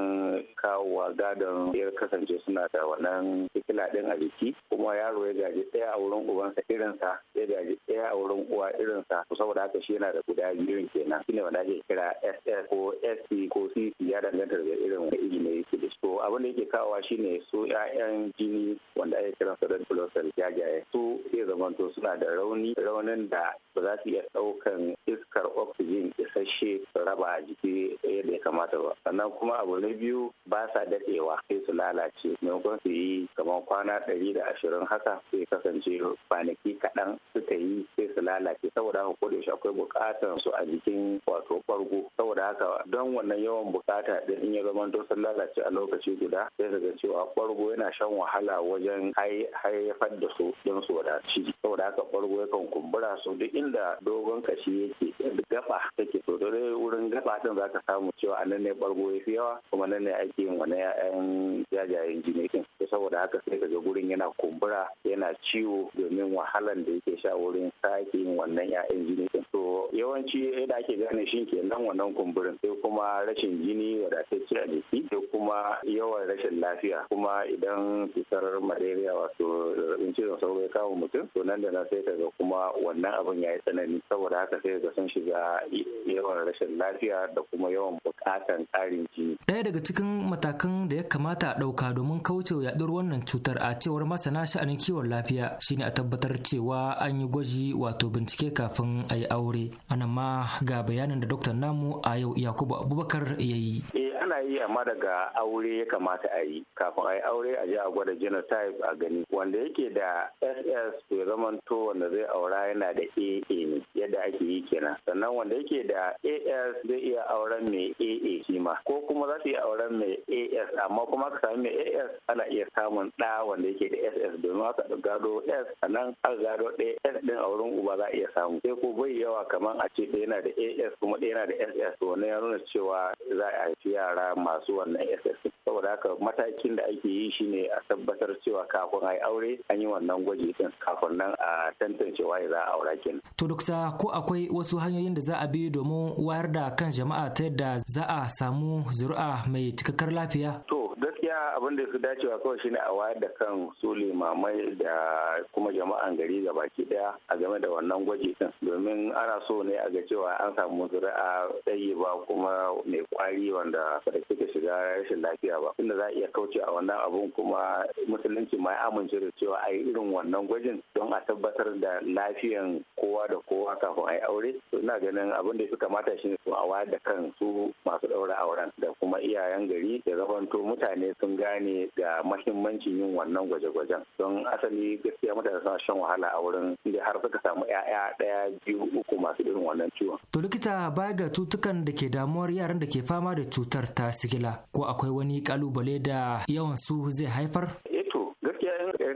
kawowa gadon ya kasance suna da wannan sikila ɗin a jiki kuma yaro ya gaji ɗaya a wurin ubansa irinsa ya gaji ɗaya a wurin uwa irinsa to saboda haka shi yana da guda biyu kenan shine wanda ake kira SS ko SC ko CC ya danganta da irin wani iri ne yake da to abin da yake kawowa shine su ƴaƴan jini wanda ake kiran su red blood jajaye su zai to suna da rauni raunin da ba za su iya ɗaukan iskar oxygen isasshe raba a jiki yadda ya kamata ba sannan kuma abu na biyu ba sa daɗewa sai su lalace maimakon su yi kamar kwana ɗari da ashirin haka sai kasance kwanaki kaɗan suka yi sai su lalace saboda haka ko yaushe akwai buƙatar su a jikin wato ɓargo saboda haka don wannan yawan buƙata ɗin in ya zama zamanto sun lalace a lokaci guda sai ka ga cewa ɓargo yana shan wahala wajen haifar da su don su wadaci saboda haka ɓargo yakan kumbura su duk inda dogon kashi yake gaba take to dole wurin gaba ɗin za ka samu cewa a nan ne ɓargo ya fi yawa kuma nan ne ake yin wani 'ya'yan jajayen jini ɗin saboda haka sai sai ga gurin yana kumbura yana ciwo domin wahalan da yake sha wurin sake yin wannan ya'yan jini din to yawanci yadda ake gane shi nan wannan kumburin sai kuma rashin jini wadatacce a jiki da kuma yawan rashin lafiya kuma idan cutar malaria wato zazzabin cizon sauro ya kama mutum to nan da nan sai kaga kuma wannan abin ya yi tsanani saboda haka sai ga sun shiga yawan rashin lafiya da kuma yawan bukatan tsarin jini. Ɗaya daga cikin matakan da ya kamata a ɗauka domin kaucewa yaɗuwar wannan cutar a cewar masana sha'anin kiwon lafiya shine a tabbatar cewa an yi gwaji wato bincike kafin a yi aure anan ma ga bayanin da Dr. namu a yau yakubu abubakar ya yi eh, ana yi amma daga aure ya kamata a yi kafin a yi aure a je a gwada genotype a gani wanda yake da ss to ya to wanda zai aura yana da aa ne yadda ake yi kenan sannan wanda yake da as zai iya auren mai aa shi ma ko kuma za su iya auren mai as amma kuma ka sami mai as ana iya samun ɗa wanda yake da ss domin aka gado s sannan aka gado ɗaya s ɗin a wurin uba za a iya samu sai ko bai yawa kamar a ce ɗaya yana da as kuma ɗaya yana da ss to wannan ya nuna cewa za a haifi yara yara masu wannan ss saboda haka matakin da ake yi shi ne a tabbatar cewa kafin a yi aure an yi wannan gwaji din kafin nan a tantance waye za a aura kin to doctor ko akwai wasu hanyoyin da za a bi domin wayar da kan jama'a ta yadda za a samu zuri'a mai cikakkar lafiya to abin da su dacewa kawai shine a wayar da kan su limamai da kuma jama'an gari ga baki daya a game da wannan gwaji din domin ana so ne a ga cewa an samu zuri'a tsayi ba kuma mai kwari wanda da suka shiga rashin lafiya ba tunda za a iya kauce a wannan abun kuma musulunci ma ya amince da cewa a yi irin wannan gwajin don a tabbatar da lafiyan kowa da kowa kafin a yi aure to ina ganin abin da su kamata shine su a wayar da kan su masu daura auren da kuma iyayen gari da zamanto mutane sun gane ga mahimmancin yin wannan gwaje-gwajen don asali gaskiya mutane suna shan wahala a wurin inda har suka samu 'ya'ya ɗaya biyu uku masu irin wannan ciwon. To likita baya ga cutukan da ke damuwar yaran da ke fama da cutar ta sigila ko akwai wani kalubale da yawan su zai haifar?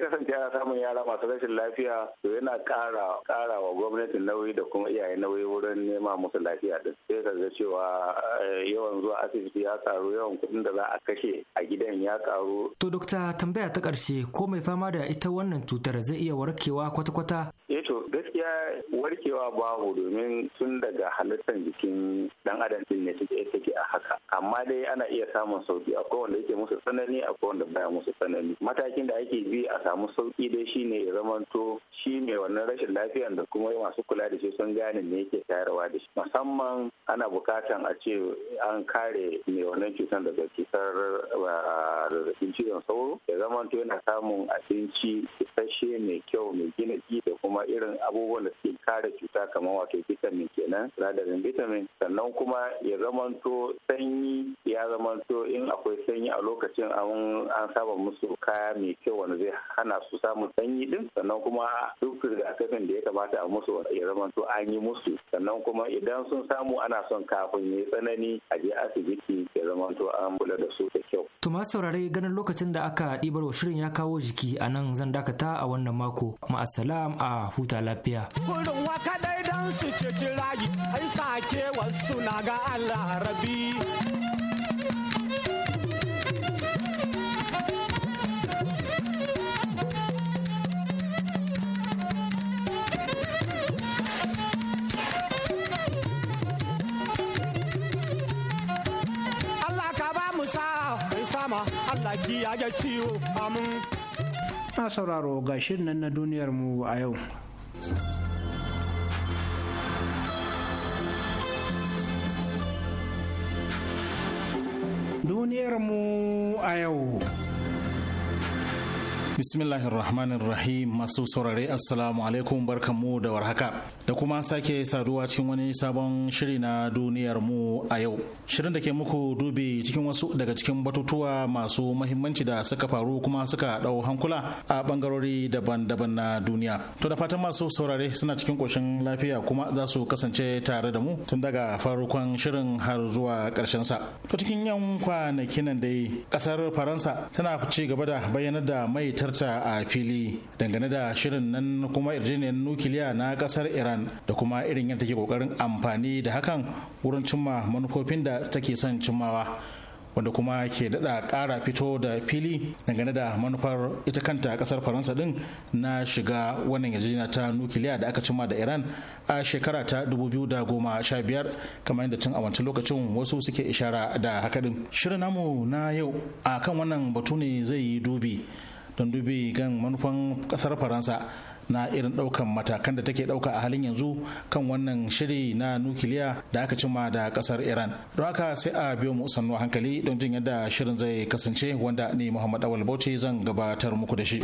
ya kasance ana samun yara masu rashin lafiya to yana ƙara ƙara wa gwamnati nauyi da kuma iyaye nauyi wurin nema musu lafiya din sai ka ga cewa eh, yawan zuwa asibiti ya karu yawan kuɗin da za a kashe a gidan ya karu. To dokta tambaya ta ƙarshe ko mai fama da ita wannan cutar zai iya warkewa kwata-kwata? Eh to gaskiya warkewa babu domin tun daga halittar jikin dan adam din ne take take a haka amma dai ana iya samun sauki akwai wanda yake musu tsanani akwai wanda baya musu tsanani sauki dai shine ya zamanto shi ne wannan rashin lafiyan da kuma masu kula da shi sun gane ne yake tayarwa da shi musamman ana bukatan a ce an kare mai wannan cutar daga cutar zazzabin cizon sauro ya zamanto yana samun abinci isasshe mai kyau mai gina jiki da kuma irin abubuwan da suke kare cuta kamar wato vitamin kenan sinadarin vitamin sannan kuma ya zamanto sanyi ya zamanto in akwai sanyi a lokacin an saba musu kaya mai kyau wanda zai hana su samun sanyi din sannan kuma duk rigakafin da ya kamata a musu ya zama to an yi musu sannan kuma idan sun samu ana son kafin ya tsanani a je asibiti ya zama to an kula da su da kyau. To ma saurare ganin lokacin da aka ɗibar wa shirin ya kawo jiki a nan zan dakata a wannan mako ma'asalam a huta lafiya. Kurin waka dai dan su ci rayu ai sake wasu na ga Allah rabi. baki ya ga ciwo amin. Na sauraro ga shirin nan na duniyar mu a yau. Duniyar mu a yau. Bismillahir Rahim masu saurare Assalamu alaikum barkanmu da warhaka da kuma sake saduwa cikin wani sabon shiri na duniyar mu a yau. Shirin da ke muku dubi cikin wasu daga cikin batutuwa masu mahimmanci da suka faru kuma suka dau hankula a bangarori daban-daban na duniya. To da fatan masu saurare suna cikin koshin lafiya kuma za su kasance tare da mu tun daga farkon shirin har zuwa karshen sa. To cikin yan kwanakin nan dai kasar Faransa tana ci gaba da bayyana da mai fuskarta a fili dangane da shirin nan kuma irjiniyar nukiliya na kasar iran da kuma irin yadda take kokarin amfani da hakan wurin cimma manufofin da take son cimmawa wanda kuma ke daɗa kara fito da fili dangane da manufar ita kanta kasar faransa din na shiga wannan yarjejeniya ta nukiliya da aka cimma da iran a shekara ta 2015 kamar yadda tun a wancan lokacin wasu suke ishara da haka ɗin shirin namu na yau a kan wannan batu ne zai yi dubi don dubi kan manufan kasar faransa na irin daukan matakan da take dauka a halin yanzu kan wannan shiri na nukiliya da aka cima da kasar iran don haka sai a biyo mu sannu hankali don jin yadda shirin zai kasance wanda ni muhammad awal bauchi zan gabatar muku da shi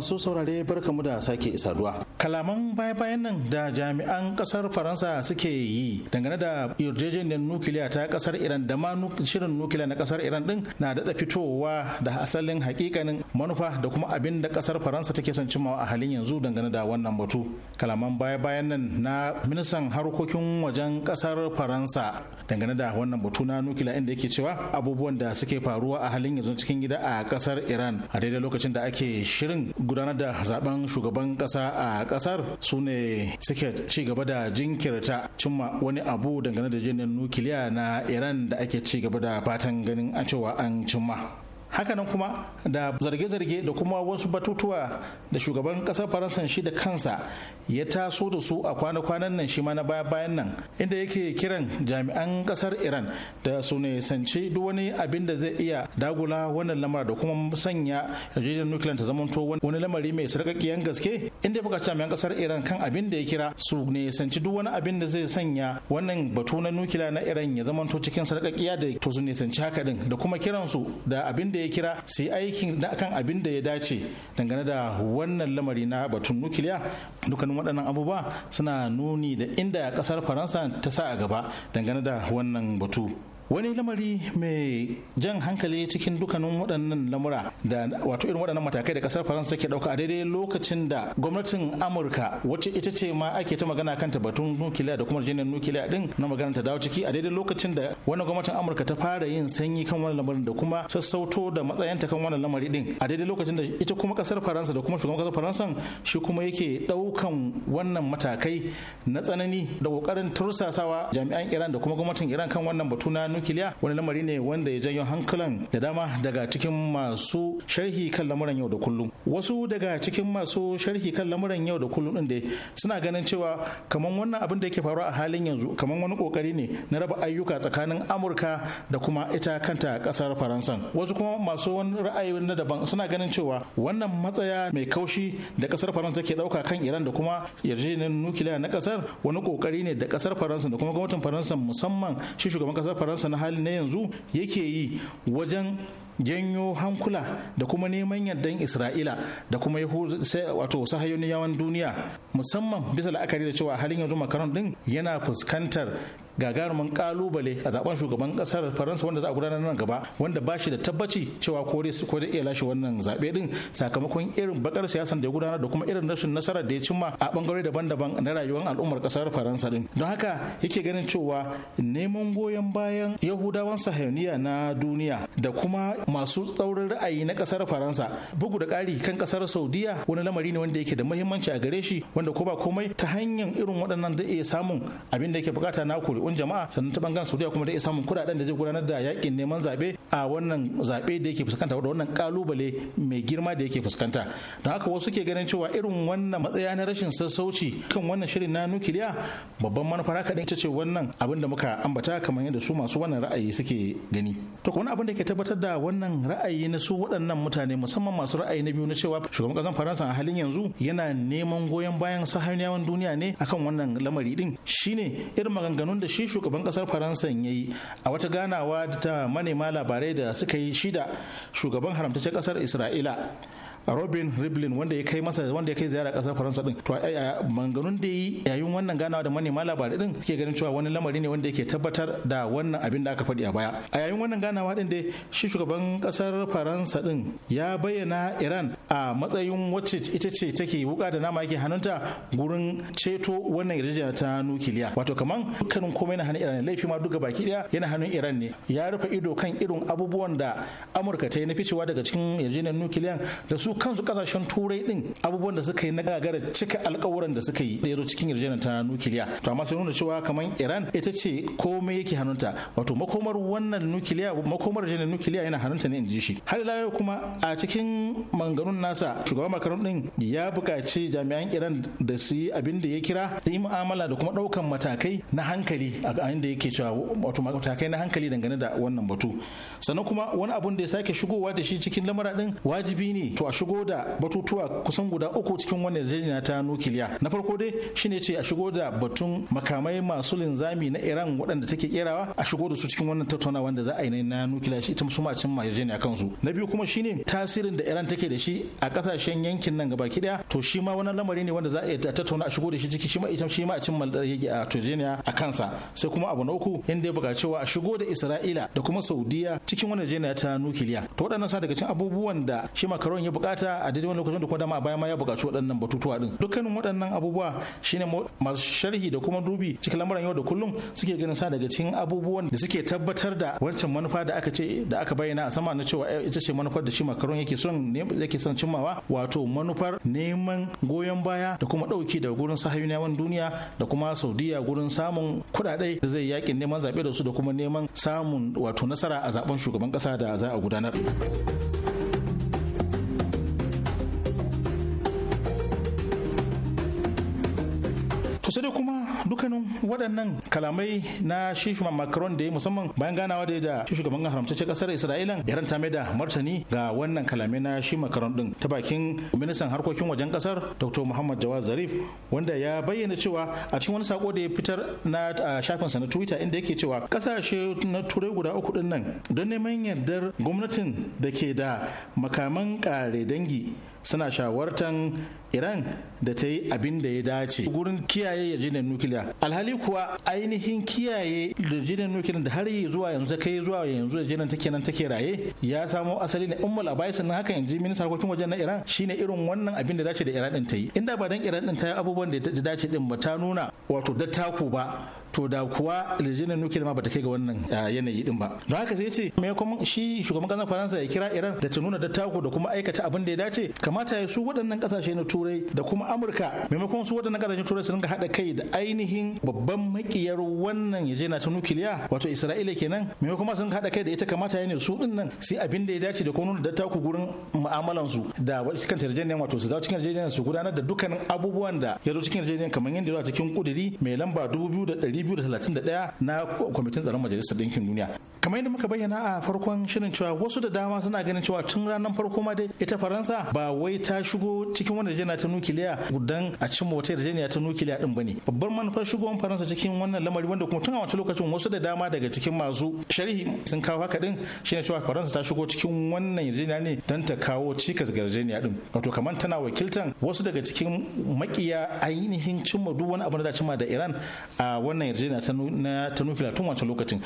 masu saurare barkamu da sake saduwa. Kalaman baya-bayan nan da jami'an kasar Faransa suke yi dangane da yarjejeniyar nukiliya ta kasar Iran da ma shirin nukiliya na kasar Iran din na dada fitowa da asalin hakikanin manufa da kuma abin da kasar Faransa take son cimawa a halin yanzu dangane da wannan batu. Kalaman baya-bayan nan na ministan harkokin wajen kasar Faransa dangane da wannan batu na nukiliya inda yake cewa abubuwan da suke faruwa a halin yanzu cikin gida a kasar Iran a daidai lokacin da ake shirin gudanar da zaben shugaban kasa a kasar su ne suke ci gaba da jinkirta cimma wani abu dangane da jinin nukiliya na iran da ake ci gaba da fatan ganin a cewa an cimma hakanan kuma da zarge-zarge da kuma wasu batutuwa da shugaban kasar faransa shi da kansa ya taso da su a kwana-kwanan nan shi ma na baya-bayan nan inda yake kiran jami'an kasar iran da su ne sanci duk wani abin da zai iya dagula wannan lamar da kuma sanya yarjejeniyar nukiliyar ta zamanto wani lamari mai sarƙaƙiyan gaske inda ya buƙaci jami'an kasar iran kan abin da ya kira su ne sanci duk wani abin da zai sanya wannan batu na nukiliya na iran ya zamanto cikin sarƙaƙiya da to su ne sanci haka din da kuma kiransu da abin da da ya kira su yi aikin da kan abin da ya dace dangane da wannan lamari na batun nukiliya dukkanin waɗannan abubuwa suna nuni da inda ƙasar faransa ta sa a gaba dangane da wannan batu wani lamari mai jan hankali cikin dukkanin waɗannan lamura da wato irin waɗannan matakai da ƙasar faransa take ɗauka a daidai lokacin da gwamnatin amurka wacce ita ce ma ake ta magana kanta batun nukiliya da kuma jinin nukiliya din na magana ta dawo ciki a daidai lokacin da wani gwamnatin amurka ta fara yin sanyi kan wannan lamarin da kuma sassauto da matsayanta kan wannan lamari din a daidai lokacin da ita kuma ƙasar faransa da kuma shugaban ƙasar faransa shi kuma yake ɗaukan wannan matakai na tsanani da ƙoƙarin tursasawa jami'an iran da kuma gwamnatin iran kan wannan batu na nukiliya wani lamari ne wanda ya janyo hankulan da dama daga cikin masu sharhi kan lamuran yau da kullum wasu daga cikin masu sharhi kan lamuran yau da kullum din dai suna ganin cewa kamar wannan abin da yake faruwa a halin yanzu kamar wani kokari ne na raba ayyuka tsakanin amurka da kuma ita kanta kasar faransa wasu kuma masu wani ra'ayi na daban suna ganin cewa wannan matsaya mai kaushi da kasar faransa ke dauka kan iran da kuma yarjejeniyar nukiliya na kasar wani kokari ne da kasar faransa da kuma gwamnatin faransa musamman shi shugaban kasar faransa na hali na yanzu yake yi wajen janyo hankula da kuma neman yardan isra'ila da kuma wato sahayoniyawan duniya musamman bisa la'akari da cewa halin yanzu makaron din yana fuskantar gagarumin kalubale a zaben shugaban kasar faransa wanda za a gudanar nan gaba wanda ba shi da tabbaci cewa ko dai iya lashe wannan zaɓe din sakamakon irin bakar siyasan da ya gudanar da kuma irin rashin nasarar da ya cimma a bangare daban-daban na rayuwar al'ummar kasar faransa din don haka yake ganin cewa neman goyon bayan yahudawan sahaniya na duniya da kuma masu tsaurin ra'ayi na kasar faransa bugu da ƙari kan kasar saudiya wani lamari ne wanda yake da muhimmanci a gare shi wanda ko ba komai ta hanyar irin waɗannan da iya samun abin da yake bukata na ƙuri'un jama'a sannan ta bangaren Saudiya kuma da iya samun kuɗaɗen da zai gudanar da yakin neman zaɓe a wannan zaɓe da yake fuskanta da wannan kalubale mai girma da yake fuskanta don haka wasu ke ganin cewa irin wannan matsaya na rashin sassauci kan wannan shirin na nukiliya babban manufar haka ita ce wannan abin da muka ambata kamar yadda su masu wannan ra'ayi suke gani to wani abin da ke tabbatar da wannan ra'ayi na su waɗannan mutane musamman masu ra'ayi na biyu na cewa shugaban ƙasar faransa a halin yanzu yana neman goyon bayan sahayuniyawan duniya ne akan wannan lamari din shine irin maganganun da shi shugaban kasar faransa ya yi a wata ganawa da ta manema labarai da suka yi shida shugaban haramtaccen kasar isra'ila robin riblin wanda ya kai masa wanda ya kai ziyara kasar faransa din to manganun da yi yayin wannan ganawa da manema labarai din ke ganin cewa wani lamari ne wanda yake tabbatar da wannan abin da aka faɗi a baya a yayin wannan ganawa din dai shi shugaban kasar faransa din ya bayyana iran a matsayin wacce ita ce take wuka da nama yake hannunta gurin ceto wannan yarjejeniya ta nukiliya wato kaman dukkanin komai na hannun iran ne laifi ma duka baki daya yana hannun iran ne ya rufe ido kan irin abubuwan da amurka ta yi na ficewa daga cikin yarjejeniyar nukiliyan da su su kansu kasashen turai din abubuwan da suka yi na gagara cika alkawuran da suka yi da yazo cikin yarjejeniyar ta nukiliya to amma sai nuna cewa kamar Iran ita ce komai yake hannunta wato makomar wannan nukiliya makomar yarjejeniyar nukiliya yana hannunta ne inji shi har ila yau kuma a cikin manganun nasa shugaban Macron din ya buƙaci jami'an Iran da su yi abin da ya kira da yi mu'amala da kuma ɗaukan matakai na hankali a da yake cewa wato matakai na hankali dangane da wannan batu sannan kuma wani abun da ya sake shigowa da shi cikin lamura din wajibi ne to a shigo da batutuwa kusan guda uku cikin wannan yarjejeniya ta nukiliya na farko dai shine ce a shigo da batun makamai masu linzami na iran waɗanda take kerawa a shigo da su cikin wannan tattaunawa wanda za a yi na nukiliya shi ita su ma cin yarjejeniya kansu na biyu kuma shine tasirin da iran take da shi a kasashen yankin nan gaba daya to shi ma wannan lamari ne wanda za a tattauna a shigo da shi ciki shi ma ita shi ma a cin yarjejeniya a kansa sai kuma abu na uku inda ya buƙaci cewa a shigo da isra'ila da kuma saudiya cikin wannan yarjejeniya ta nukiliya to waɗannan sa daga cikin abubuwan da shi makaron ya buƙata bukata a daidai wani lokacin da kuma dama a baya ma ya bukaci waɗannan batutuwa din dukkanin waɗannan abubuwa shine masu sharhi da kuma dubi cikin lamuran yau da kullum suke ganin sa daga cikin abubuwan da suke tabbatar da wancan manufa da aka ce da aka bayyana a sama na cewa eh, ita ce manufar da shi makaron yake son yake son cimmawa wato manufar neman goyon baya da kuma ɗauki daga gurin wani duniya da kuma saudiya gurin samun kuɗaɗe da zai yakin neman zaɓe da su da kuma neman samun wato nasara a zaben shugaban ƙasa da za a gudanar. kusa sai dai kuma dukkanin waɗannan kalamai na shishman macron da ya musamman bayan ganawa da da shi shugaban haramtaccen kasar isra'ila ya ranta mai da martani ga wannan kalamai na shi macron din ta bakin ministan harkokin wajen ƙasar dr muhammad jawad zarif wanda ya bayyana cewa a cikin wani sako da ya fitar na shafinsa na twitter inda yake cewa kasashe na turai guda uku din nan don neman yardar gwamnatin da ke da makaman kare dangi suna shawartan iran da ta yi abin da ya dace gurin kiyaye yarjejeniyar nukiliya alhali kuwa ainihin kiyaye yarjejeniyar nukiliya da har yi zuwa yanzu ta kai zuwa yanzu yarjejeniyar take nan take raye ya samo asali ne ummul abai sannan haka yanzu minista harkokin wajen na iran shine irin wannan abin da dace da iran din ta yi inda ba dan iran din ta yi abubuwan da ya dace din ba ta nuna wato dattako ba to da kuwa yarjejeniyar nukiliya ma bata kai ga wannan yanayi din ba don haka sai ce me kuma shi shugaban kasar faransa ya kira iran da ta nuna dattako da kuma aikata abin da ya dace kamata ya su waɗannan kasashe na turai da kuma amurka maimakon su waɗannan kasashen turai su dinga haɗa kai da ainihin babban makiyar wannan na ta nukiliya wato isra'ila kenan maimakon ma sun haɗa kai da ita kamata ya ne su din nan sai abin da ya dace da kuma nuna dattako gurin mu'amalan su da wasu kan tarjiyar wato su dawo cikin yarjejeniyar su gudanar da dukkanin abubuwan da ya zo cikin yarjejeniyar kamar yadda ya zo cikin kuduri mai lamba dubu biyu da ɗari 231 na kwamitin tsaron majalisar ɗinkin duniya kamar yadda muka bayyana a farkon shirin cewa wasu da dama suna ganin cewa tun ranar farko ma dai ita faransa ba wai ta shigo cikin wannan yarjejeniya ta nukiliya gudan a cikin wata yarjejeniya ta nukiliya din bane babbar manufar shigowar faransa cikin wannan lamari wanda kuma tun a wancan lokacin wasu da dama daga cikin masu sharhi sun kawo haka din shine cewa faransa ta shigo cikin wannan yarjejeniya ne don ta kawo cikas ga yarjejeniya din wato kamar tana wakiltan wasu daga cikin makiya ainihin cimma duk wani abu da cimma da iran a wannan yarjejeniya ta nukiliya tun wancan lokacin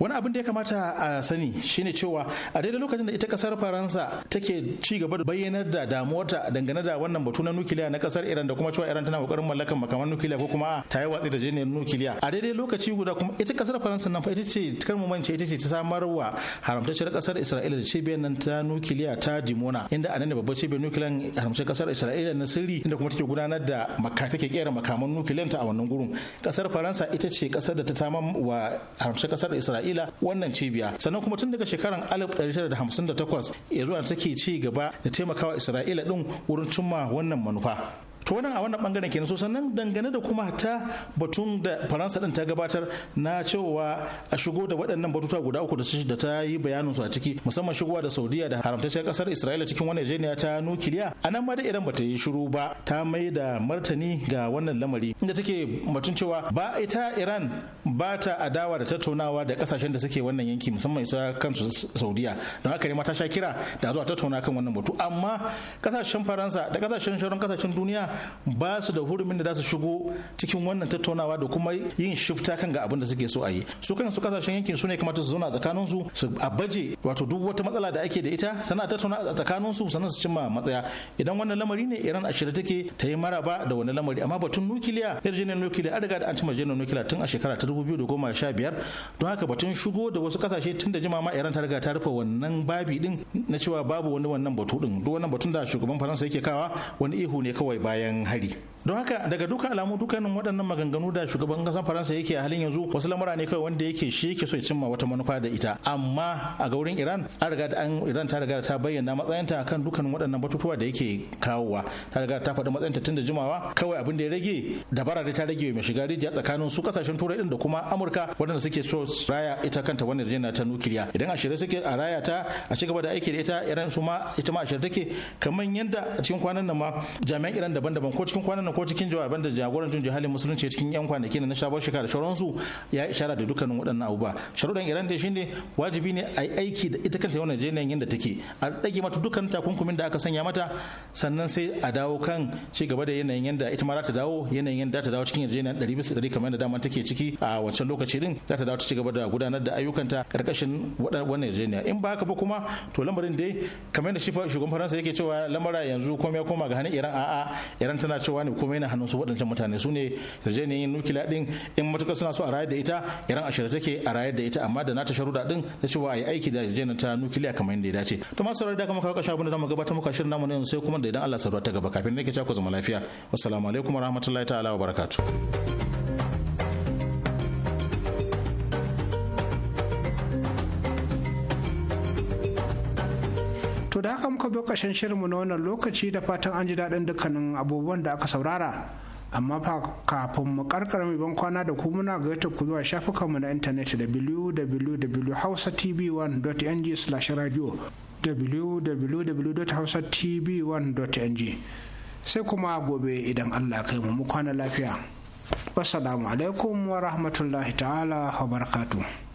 wani abin da ya kamata a sani shine cewa a daidai lokacin da ita kasar faransa take ci gaba da bayyanar da damuwarta dangane da wannan batu na nukiliya na kasar iran da kuma cewa iran tana kokarin mallakan makaman nukiliya ko kuma ta yi watsi da jiniyar nukiliya a daidai lokaci guda kuma ita kasar faransa nan fa ita ce kar mu mance ita ce ta samar wa haramtacciyar kasar isra'ila da cibiyar nan ta nukiliya ta dimona inda a nan ne babbar cibiyar nukiliyan haramtacciyar kasar isra'ila na sirri inda kuma take gudanar da maka take kera makaman nukiliyan ta a wannan gurin kasar faransa ita ce kasar da ta samar wa haramtacciyar kasar isra'ila isra'ila wannan cibiya sannan kuma tun daga shekarar 1958 ya da take ci gaba da taimakawa isra'ila din wurin cimma wannan manufa to wannan a wannan bangaren kenan so sannan dangane da kuma ta batun da faransa din ta gabatar na cewa a shigo da waɗannan batuta guda uku da da ta yi bayanin su a ciki musamman shigowa da saudiya da haramtacciyar kasar isra'ila cikin wannan yarjejeniya ta nukiliya a nan ma da iran bata yi shiru ba ta mai da martani ga wannan lamari inda take batun cewa ba ita iran ba ta adawa da tattaunawa da kasashen da suke wannan yanki musamman ita kansu saudiya don haka ne ma ta sha kira da zuwa tattauna kan wannan batu amma kasashen faransa da kasashen shirin kasashen duniya ba su da hurumin da za su shigo cikin wannan tattaunawa da kuma yin shifta kan ga abin da suke so a yi su kan su kasashen yankin su ne kamata su zauna tsakanin su su abaje wato duk wata matsala da ake da ita sana tattauna a tsakanin su sannan su cimma matsaya idan wannan lamari ne iran a shirye take ta yi maraba da wannan lamari amma batun nukiliya yarjejeniyar nukiliya an riga da an cimma yarjejeniyar nukiliya tun a shekara ta 2015 don haka batun shigo da wasu kasashe tun da jima ma iran ta riga ta rufe wannan babi din na cewa babu wani wannan batu din duk wannan batun da shugaban faransa yake kawa wani ihu ne kawai baya bayan hari don haka daga duka alamu dukkanin waɗannan maganganu da shugaban ƙasar faransa yake a halin yanzu wasu lamura ne kawai wanda yake shi yake so ya cimma wata manufa da ita amma a gaurin iran an riga da an iran ta riga ta bayyana matsayinta akan dukkanin waɗannan batutuwa da yake kawowa ta riga ta faɗi matsayinta tun da jimawa kawai abin da ya rage dabara da ta rage mai shiga rijiya tsakanin su kasashen turai din da kuma amurka waɗanda suke so raya ita kanta wannan yarjejeniya ta nukiliya idan a shirye suke a raya ta a ci gaba da aiki da ita iran su ma ita ma a shirye take kamar yadda a cikin kwanan nan ma jami'an iran daban-daban ko cikin kwanan nan ko cikin jawaban da jagoran jin jihalin musulunci cikin yan kwanaki na shabar shekara da su ya ishara da dukkanin waɗannan abubuwa sharuɗan iran dai shine wajibi ne a aiki da ita kanta wannan jeniyan yadda take a ɗage mata dukkan takunkumin da aka sanya mata sannan sai a dawo kan ci gaba da yanayin yadda ita ma za ta dawo yanayin yadda ta dawo cikin yarjejeniya ɗari bisa ɗari kamar yadda dama take ciki a wancan lokaci din za ta dawo ta ci gaba da gudanar da ayyukanta ƙarƙashin wannan yarjejeniya in ba haka ba kuma to lamarin dai kamar yadda shi shugaban faransa yake cewa lamara yanzu komai koma ga hannun iran a'a iran tana cewa ne ko kuma yana hannun su waɗancan mutane su ne yarjejeniyar yin nukiliya din in matukar suna so a rayar da ita iran a shirye take a rayar da ita amma da nata sharuda din na cewa a yi aiki da yarjejeniyar ta nukiliya kamar yadda ya dace to masu saurari da kuma kawo ƙarshe abinda da zamu gabatar muka shirin namu na yanzu sai kuma da idan Allah sarrafa ta gaba kafin ne ke cakwa zama lafiya wassalamu alaikum warahmatullahi ta'ala wa barakatuh da haka muka bi ƙashin shirinmu na wannan lokaci da fatan an ji daɗin dukkanin abubuwan da aka saurara amma fa kafin mu karkara mai ban kwana da ku muna gaita ku zuwa shafukanmu na intanet www.hausatv1.ng/radio www.hausatv1.ng sai kuma gobe idan Allah kai mu mu kwana lafiya wassalamu alaikum wa rahmatullahi ta'ala wa barakatu.